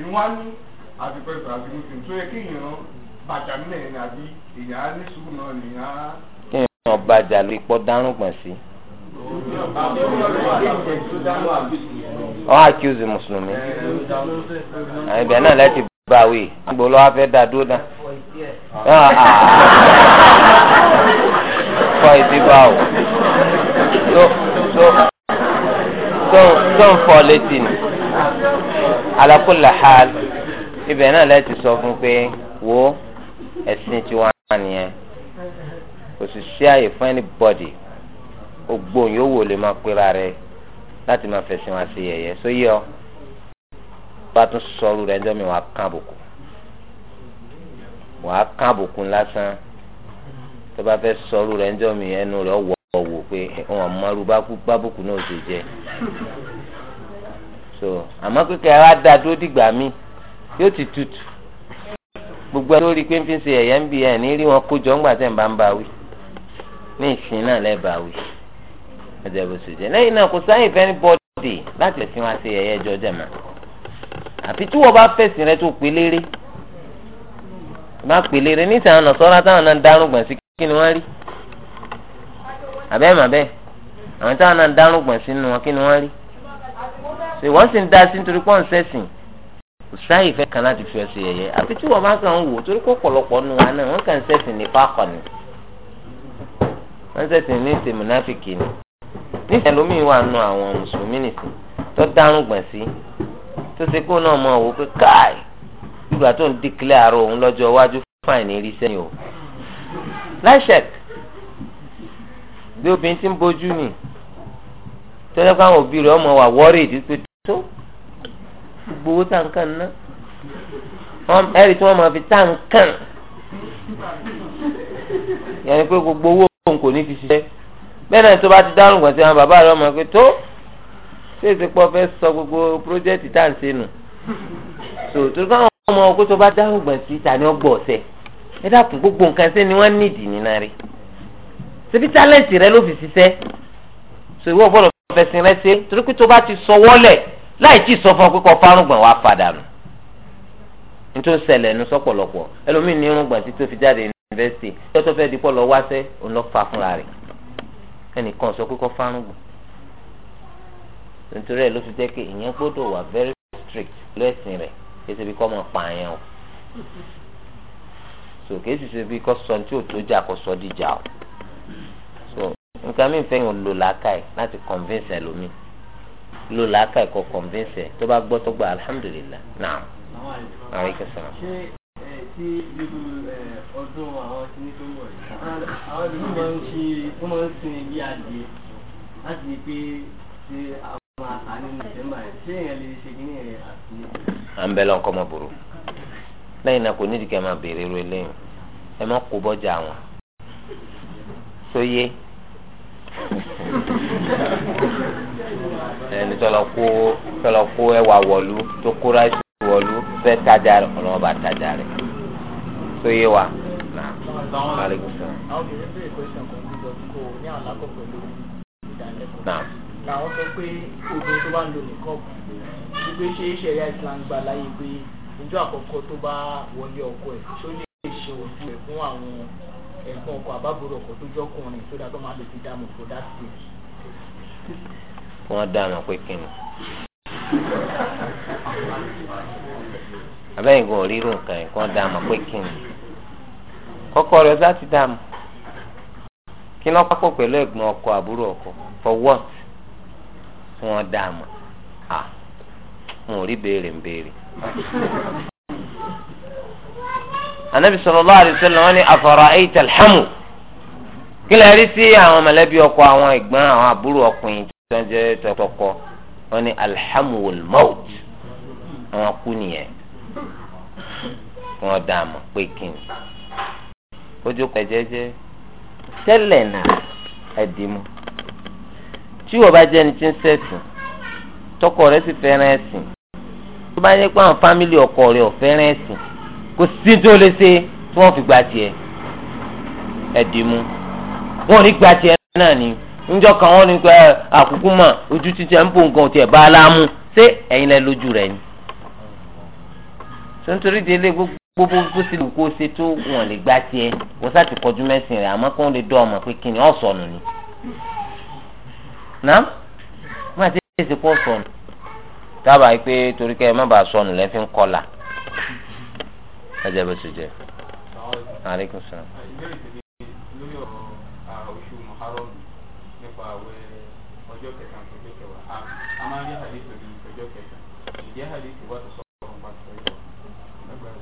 ìwánú àti pẹ̀sẹ̀ àti mùsùlùmí tó yẹ kí èèyàn bàjá nílẹ̀ ní àbí èèyàn á ní sùúrù náà nìyà. kí èèyàn bàjá lè pọ́ dárùn gbọ̀n sí. ọ́ àkíyèsí mùsùlùmí ibẹ̀ náà lẹ́tì báwí gbogbo lọ́wọ́ fẹ́ dá dúró dá. fọ́ ìdí báwò tó ń fọ́ létí ni ala kulli hal ibẹ̀ náà lẹ́tì sọ fún pé wo ẹ̀sìn tiwa nìyẹn kò sì sí àyè fún anybody gbogbo yòówù lè máa pera rẹ láti máa fẹ̀sìn wá sí yẹ̀yẹ́ sóyè ọ bá tún sọrú rẹ ẹjọ́ mi wàá kàn àbùkù wàá kàn àbùkù lásán tó bá fẹ́ sọrú rẹ ẹjọ́ mi ẹnu rẹ wọ̀ wò pé wọn mọ̀rú bá bùkù náà ṣe jẹ so àmọ́ kíkẹ́ ara dá dúró dìgbà mí yóò ti tutù gbogbo ẹni lórí pé ń fi ṣe ẹ̀yẹ́ ń bi ẹ̀ ní rí wọn kójọ ńgbà tẹ̀ ń bá ń bá wí ní ìsìn náà lẹ́ẹ̀bà wí ẹ̀jẹ̀ bó ṣe jẹ́ lẹ́yìn náà kò sáyìn fẹ́ni bọ́dì láti ẹ̀sìn wá ṣe ẹ̀yẹ́ ẹjọ́ jẹ̀ mà àfi tí wọ́n bá fẹ̀sìn rẹ tó pé léré bá pè lére ní sàn ọ̀nà sọ́ra táwọn náà ń darúgbọ̀n sí kí ni wọ́n rí àbẹ́ẹ̀mà bẹ́ẹ̀ àwọn táwọn náà ń darúgbọ̀n sínú wọn kí ni wọ́n rí ṣe wọ́n sì ń dá sí nítorí pọ́n sẹ́sìn kò sáyè fẹ́ kan láti fi ọ̀sẹ̀ yẹyẹ àfi tí wọ́n bá kàn ń wò torí pé ọ̀pọ̀lọpọ̀ nu wa náà wọ́n kàn ń sẹ́sìn ní pákọ̀ ni wọ́n sẹ́sìn ní ìsè mùnáfìkì ni níṣẹ́ lómìn wà nù àwọn mùsùlùmí nìsín tó dárùn gbọ̀n sí tó ṣe kó náà mọ̀ wò pé káì ìgbà tó ń díkìlẹ̀ àárọ̀ òun lọ́jọ́ iwájú fáìn ní rí sẹ́yìn o láṣẹ̀k bí obìnrin ti ń bójú nì tọ́jọ́ káwọn òbí rẹ̀ ọmọ wà wọ́rì tó gbowó tàǹkàn ná ẹ̀rí tí wọ́n máa fi tàǹkàn yẹn ni pé gbogbo owó òun kò ní fi ṣiṣẹ́ bẹ́ẹ̀ náà tó bá ti dárùn gbọ̀nsẹ̀ àwọn bàbá rẹ̀ ọmọ pé tó ṣèṣe pọ̀ fẹ́ sọ gbogbo pírójẹ́tì tá à ń ṣe nù so torí káwọn ọmọ ọkọ tó bá dárùn gbọ̀nsẹ̀ ta ni ọgbọ̀ ọ̀sẹ̀ ẹ dákun gbogbo nǹkan ṣe ni wọ́n nídìí nínú rẹ̀ ṣebí tálẹ̀ǹtì rẹ ló fi ṣiṣẹ́ so ìwọ gbọ́dọ̀ rẹ ṣe torí pé tó bá ti sọ wọ́lẹ̀ láì tí sọ fún ọ pé kọ fárúgbọ̀n wá padà nù nítorí ṣẹlẹ̀ ẹnu sọ́pọ̀lọpọ̀ ẹlòmíì ní irúgbọ̀n tí tó fi jáde yunifásitì tọ́tọ́ fẹ́ dipọ́ lọ wáṣẹ́ òun lọ fa fúnra rẹ̀ ẹnìkan sọ pé kọ fárúgbọ̀n nítorí ẹ ló fi jẹ́ pé ìyẹn gbọ́dọ̀ wà very strict lẹ́sìn rẹ̀ kí ṣe bí kọ́ máa pààyàn o so kì í sì ṣe bí kọ́ sọ tí ò tó jà kó sọ dìjà o so nǹkan mìíràn fẹ́yìn ò lò lákàì láti convince ẹlòmíì ló làákà ẹ̀kọ́ kọ̀ǹvínsẹ̀ tó bá gbọ́ tó gba alhamdulillah naam aleykum salaam. ṣé ẹ ti irú ọdún àwọn tí ní tó ń bọ̀ yìí àwọn ìlú máa ń ṣe wọ́n máa ń sin bí adìẹ láti ní pé ṣe àwọn àtàní nìjẹ́mbà ṣé èèyàn lè ṣe kí ní ẹ̀rẹ́ àti. à ń bẹ lọ́nkọ́ mọ́ burú lẹ́yìn náà kò nídìí kẹ́ máa béèrè ru eléyìí ẹ má kó bọ́jà wọn sóyé ẹni tọ́lọ kó tọ́lọ kó ẹwà wọ̀lú tó kó ráìsì wọ̀lú fẹ́ tajà rẹ̀ ọ̀nà ọba tajà rẹ̀ tó yé wa. Làwọn sọ pé obìnrin tó bá ń lo nìkan gbogbo ṣe é ṣẹ̀yà Islam gbà láyé pé ojú àkọ́kọ́ tó bá wọlé ọkọ ẹ̀ tó lè ṣe ojú ẹ̀ fún àwọn ẹ̀gbọ́n ọkọ àbábòrò ọkọ tó jọ́kùnrin tó dá tó máa lè fi dá mọ̀ for kí wọ́n dáná pé kíni. abẹ́yìn gan rí irun kan kí wọ́n dáná pé kíni. kọ́kọ́ rẹ̀ ọ̀sá ti dáná kí lọ́ pápọ̀ pẹ̀lú ẹ̀gbọ́n ọkọ àbúrò ọkọ for what kí wọ́n dáná à wọn ò rí béèrè ń béèrè. anabi sallallahu wọn ni alhamu kí lè rí sí àwọn ọkọ àwọn ẹ̀gbọ́n àwọn àbúrò ọkùnrin sẹ́ńjẹ́ tọkọ wọ́n ní alhamul maut wọ́n kú nìyẹn wọ́n dà mọ́ pé kí ni ojú kọ jẹ́jẹ́ tẹ́lẹ̀ náà ẹ̀dìmú tí wọ́n bá jẹ́ ni tí ń sẹ̀sìn tọkọ rẹ̀ sì fẹ́ràn ẹ̀sìn tó bá yẹ pé àwọn fámìlì ọkọ rẹ̀ ò fẹ́ràn ẹ̀sìn kò sí tó lè ṣe tí wọ́n fi gba tiẹ̀ ẹ̀dìmú wọ́n ò ní gba tiẹ̀ náà ni ńjọ́ kan wọ́n ní pé ah, àkúkú mọ̀ ojú títí ẹ̀ ń bò nǹkan tiẹ̀ bá a láàmú ṣé ẹ̀yin lẹ lójú rẹ̀ ni. sọ́ńtórí délé gbogbo bó ti lù kó ṣe tó wọn lè gbá tiẹ̀ wọ́n sá ti kọjú mẹ́sìn rẹ̀ àmọ́ kó lè dọ́ ọmọ pé kíni ọ̀sọ̀nù ni. nàá má ti ṣe ṣe kó sọnù dábàá pé torí kẹ́ ẹ má bàa sọnù lẹ́fí ń kọlà. ẹ jẹ́ bó ṣe jẹ́. aleykum salaam.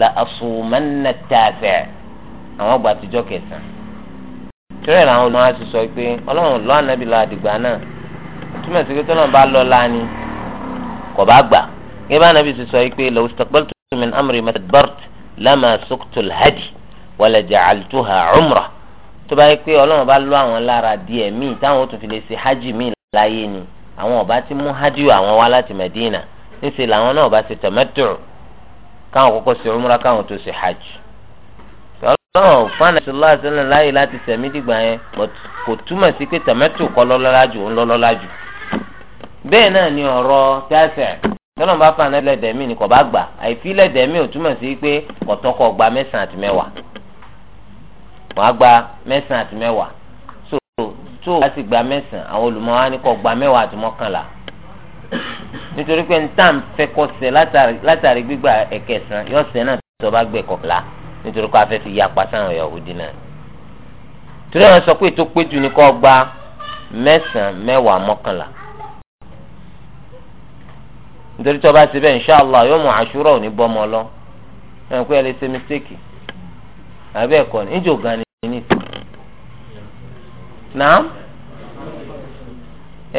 la asumanna taafi' àwọn ọgbà àtijọ́ kẹsàn-án tẹ́lẹ̀ làwọn olùmọ̀ àti sọ pé ọlọ́run lọ́ ànábì lọ àdìgbà náà túmọ̀ sí pé tọ́lọ́run bá lọ láàánú kò bá gbà gẹ́gẹ́ bá ànábì ti sọ pé law istaqbaltu min amri matadbart lama suktul hadi wala ja'altuha umrah tó bá yẹ pé ọlọ́run bá lọ àwọn lára díẹ̀ míì táwọn ó tún fi lè ṣe hajj míì láyé ni àwọn ọba ti mú hajj àwọn wá láti Medina káwọn kọ́kọ́ ṣe umra káwọn tó ṣe hajj sọlọ́n fún àṣìlá àṣìlá láàyè láti sẹ̀mí dìgbà yẹn kò túmọ̀ sí pé tẹ̀mẹ́tò kọ́ lọ́lọ́lá jù ń lọ́lọ́lá jù bẹ́ẹ̀ náà ni ọ̀rọ̀ tẹ́sẹ̀ sọlọ́n bá fún àṣìlá ẹ̀dẹ̀mí ni kò bá gbà àìfi lẹ́dẹ̀mí ò túmọ̀ sí pé kọ̀tọ́kọ̀ gba mẹ́sàn-án àti mẹ́wàá wọ́n á gba mẹ́sàn-án àti mẹ́wàá so tó o bá sì gba mẹ́sàn-án àwọn olùmọ̀ wa ní kò gba mẹ́wàá àti mọ́kànlá nítorí pé níta ń fẹ́ kọ́ sẹ́ látàrí gbígbà ẹ̀kẹsàn yọ sẹ́ náà tó bá gbẹ kọ̀ọ̀la nítorí pé afẹ́ fi ya pàṣẹ àwọn Yahudi náà. torí àwọn sọ pé tó péjú ni kò gba mẹ́sàn-án mẹ́wàá mọ́kànlá. nítorí tó bá ti bẹ́ẹ̀ inṣàlá yóò mú àṣúrà òní bọ́mọ lọ ẹ̀ ẹ lè ṣe mistake àbẹ́ ẹ̀kọ́ ìjọ gan ni ní ìsìn. náà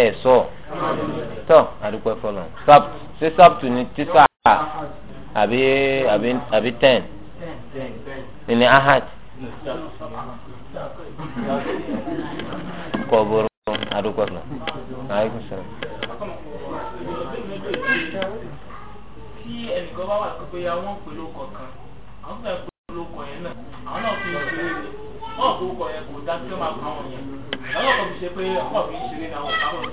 ẹ̀ sọ. tọ́ àdúpẹ́ fọlọ́ sábt ṣé sábt ni tísà àbí àbí àbí ten ìní ahad kọ̀ọ̀bùrù àdúpẹ́ fọlọ́ àyíkú sọ̀rọ̀. tí ẹnìkan bá wà pé àwọn pèlú kọ̀ọ̀kan àwọn fẹ́ẹ́ pèlú kọ̀ọ̀yẹn náà àwọn náà fi ń ṣe é wọ́n kó kọ̀ọ̀yẹn kò dá sí ọmọ àwọn yẹn àwọn ọkọ mi ṣe pé ọkọ mi ṣeré náà wọn káwọn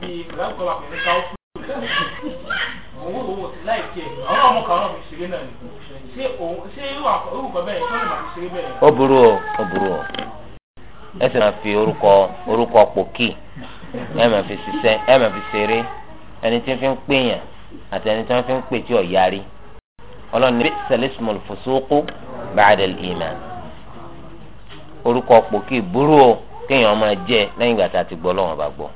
bí ìgbàlá kọ wà pẹ̀lú káwọn fún mi òun òun ti láì jẹ àwọn ọmọ kan náà mi ṣeré náà ni ṣé òun ṣé irú àkọ o ó o ẹ sì máa fi orúkọ orúkọ pòkì ẹ máa fi ṣiṣẹ́ ẹ máa fi ṣeré ẹni tí wọ́n fi ń pèèyàn àti ẹni tí wọ́n fi ń pè tí ò yarí ọlọ́run ní sẹ́lẹ̀sìmọ̀l fòsókó báadẹ́l ìmàn orúkọ pòkì burú o. kéèyàn máa jẹ lẹ́yìn ìgbà tá a ti gbọ́ lọ́wọ́n bá gbọ́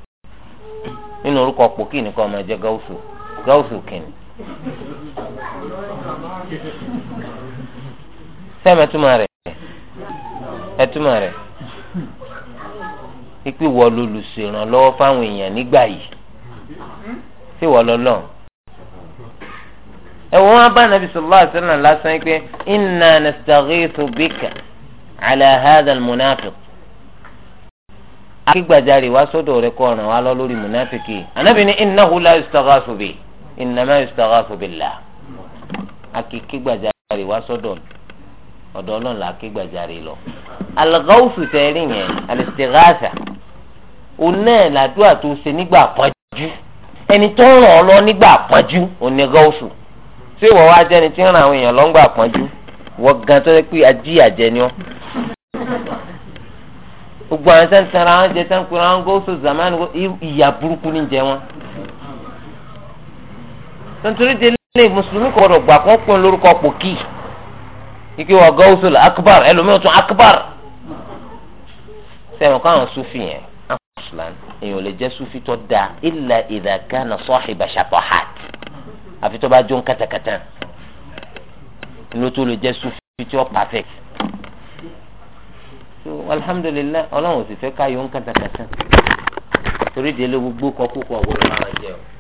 nínú orúkọ pòkì nìkan máa jẹ gáúsù gáúsù kìnnì. sẹ́mi túmọ̀ rẹ̀ ẹ túmọ̀ rẹ̀ pípé wọ lolùṣèrànlọ́wọ́ fáwọn èèyàn nígbà yìí sí wọ lọ́lọ́run ẹ̀wọ̀n wọn bá nàbì lásán pé inna nastaghithu bika ala hadha akígbàjarè wá sọ́dọ̀ rẹ̀ kọ́ ọ̀ràn wa lọ lórí munafiki anabi ni innahu la yustaghasu bi innama yustaghasu billah akígbàjarè wá sọ́dọ̀ ọ̀dọ̀ Ọlọ́run la akígbàjarè lọ. alghawsu tẹ̀rí yẹn alistighasa onáà làdúrà tó ṣe nígbà pọ́njú ẹni tó ń ràn ọ́ lọ nígbà pọ́njú òní ṣé ìwọ wá jẹ́ni tí ń ràn àwọn èèyàn lọ́ngbà pọ́njú wọ́n gan tó yẹ pé ajíyàjẹ ni gbogbo àwọn tẹ́ ń tẹ́ra wọn jẹ tẹ́ ń kura wọn gbóso zamani ìyà burúkú ní jẹ wọn. tontorí de lé mùsùlùmí kò gbọdọ̀ gbà kó pin lórúkọ pòkì ike wọ gawusu la akbar ẹlòmíràn tún akbar sẹ́wọ̀n kó àwọn sufi yẹn afusulan èèyàn lè jẹ́ sufi tó da illa idha kana sahiba shatahat àfi tó bá jó ń kàtàkàtà lótó lè jẹ́ sufi tó perfect so alhamdulilayi ọlọ́run ò sì fẹ́ ká yọ ń kàtàkàtà torí délé gbogbo kọkú kọ gbọdọ̀ máa jẹ o